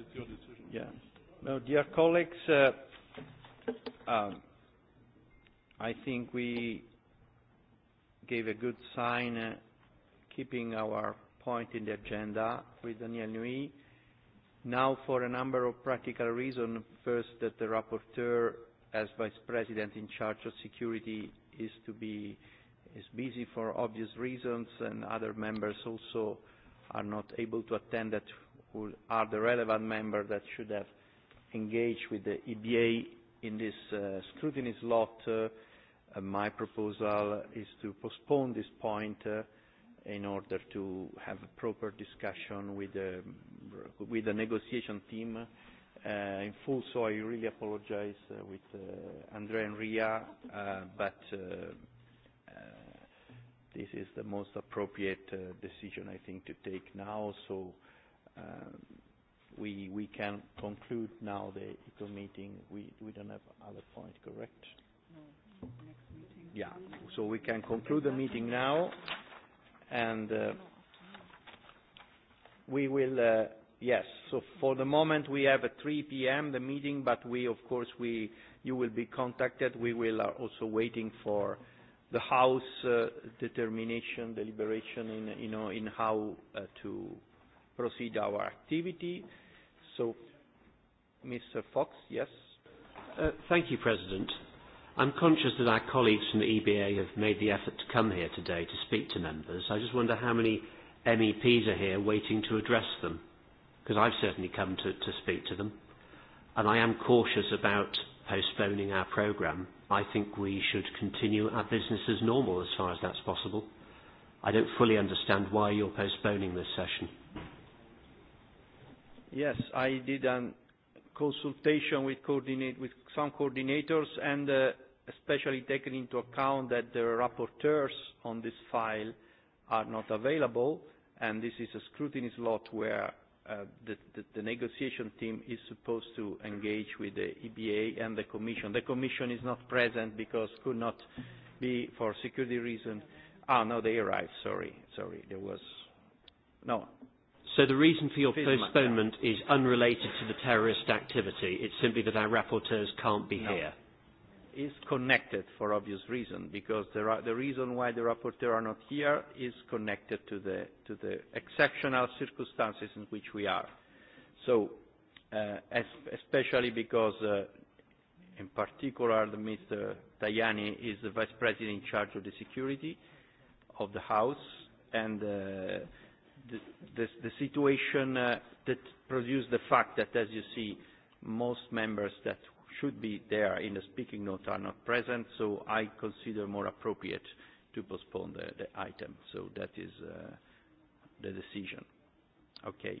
it's your decision. Yeah. Now, dear colleagues, uh, um, I think we gave a good sign uh, keeping our point in the agenda with Daniel Nui. Now, for a number of practical reasons, first that the rapporteur, as vice president in charge of security, is to be is busy for obvious reasons, and other members also are not able to attend at who are the relevant members that should have engaged with the EBA in this uh, scrutiny slot. Uh, uh, my proposal is to postpone this point uh, in order to have a proper discussion with the, with the negotiation team uh, in full, so I really apologize uh, with uh, Andrea and Ria, uh, but uh, uh, this is the most appropriate uh, decision I think to take now. So. Um, we can conclude now the ECO meeting. We don't have other point, correct? No. Next meeting. Yeah. We can conclude the meeting now, and uh, we will. Uh, yes. For the moment, we have a 3:00 P.M. the meeting, but we, of course, you will be contacted. We will are uh, also waiting for the House determination, deliberation in, you know, in how to proceed our activity. So, Mr. Fox, yes? Uh, thank you, President. I'm conscious that our colleagues from the EBA have made the effort to come here today to speak to members. I just wonder how many MEPs are here waiting to address them, because I've certainly come to, to speak to them. And I am cautious about postponing our programme. I think we should continue our business as normal as far as that's possible. I don't fully understand why you're postponing this session. Yes, I did a consultation with, coordinate, with some coordinators and uh, especially taking into account that the rapporteurs on this file are not available and this is a scrutiny slot where uh, the, the, the negotiation team is supposed to engage with the EBA and the Commission. The Commission is not present because could not be for security reasons. Ah, no, they arrived, sorry, sorry, there was... No, So the reason for your postponement is unrelated to the terrorist activity. It's simply that our rapporteurs can't be no. here. It's connected for obvious reason because the, ra the reason why the rapporteurs are not here is connected to the, to the exceptional circumstances in which we are. So, uh, es especially because, uh, in particular, the Mr. Tajani is the vice president in charge of the security of the House and. Uh, the, the situation uh, that produced the fact that, as you see, most members that should be there in the speaking note are not present, so I consider more appropriate to postpone the, the item. So that is uh, the decision. Okay.